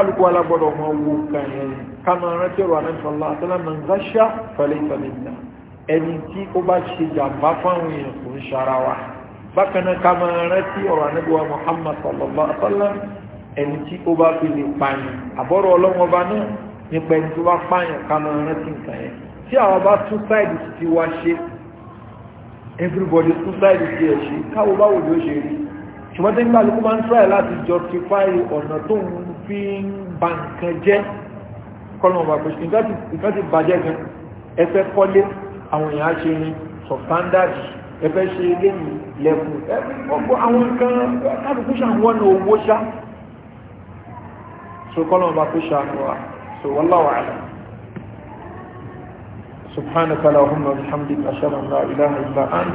kama rántí ọ̀rọ̀ àmẹ́sọ̀lá àtọ́lá mọ̀ ngáṣá pẹ̀lú ìtọ́lẹ́gbà ẹni tí ó bá ṣe jàmbá fáwọn èèyàn kò ń ṣara wa bákan kama rántí ọ̀rọ̀ ànẹ́gbẹ̀wá muhammad sọlọ́lá àtọ́lá ẹni tí ó bá fi lè pààyàn àbọ̀rọ̀ ọlọ́wọ́n bá náà nípa ẹni tó bá pààyàn kama rántí everybody tún sáìdì ti ẹ̀ ṣe káwo báwo ló ṣe rí ṣùgbọ́n tí nígbà lóko máa ń try kọ́lọ̀mọ̀bà kò sí nǹkan ti bàjẹ́ gan ẹfẹ́ kọ́lé àwọn èèyàn ṣe ní sọ̀tándáàdì ẹfẹ́ ṣe ilé lẹ́kùn ọgbọ́ àwọn nǹkan láti kú ṣàwọn owó ṣá so kọ́lọ̀mọ̀bà kò ṣàkọwà so wallahu a'lam subhanaka allahumma wa bihamdika ashhadu an la ilaha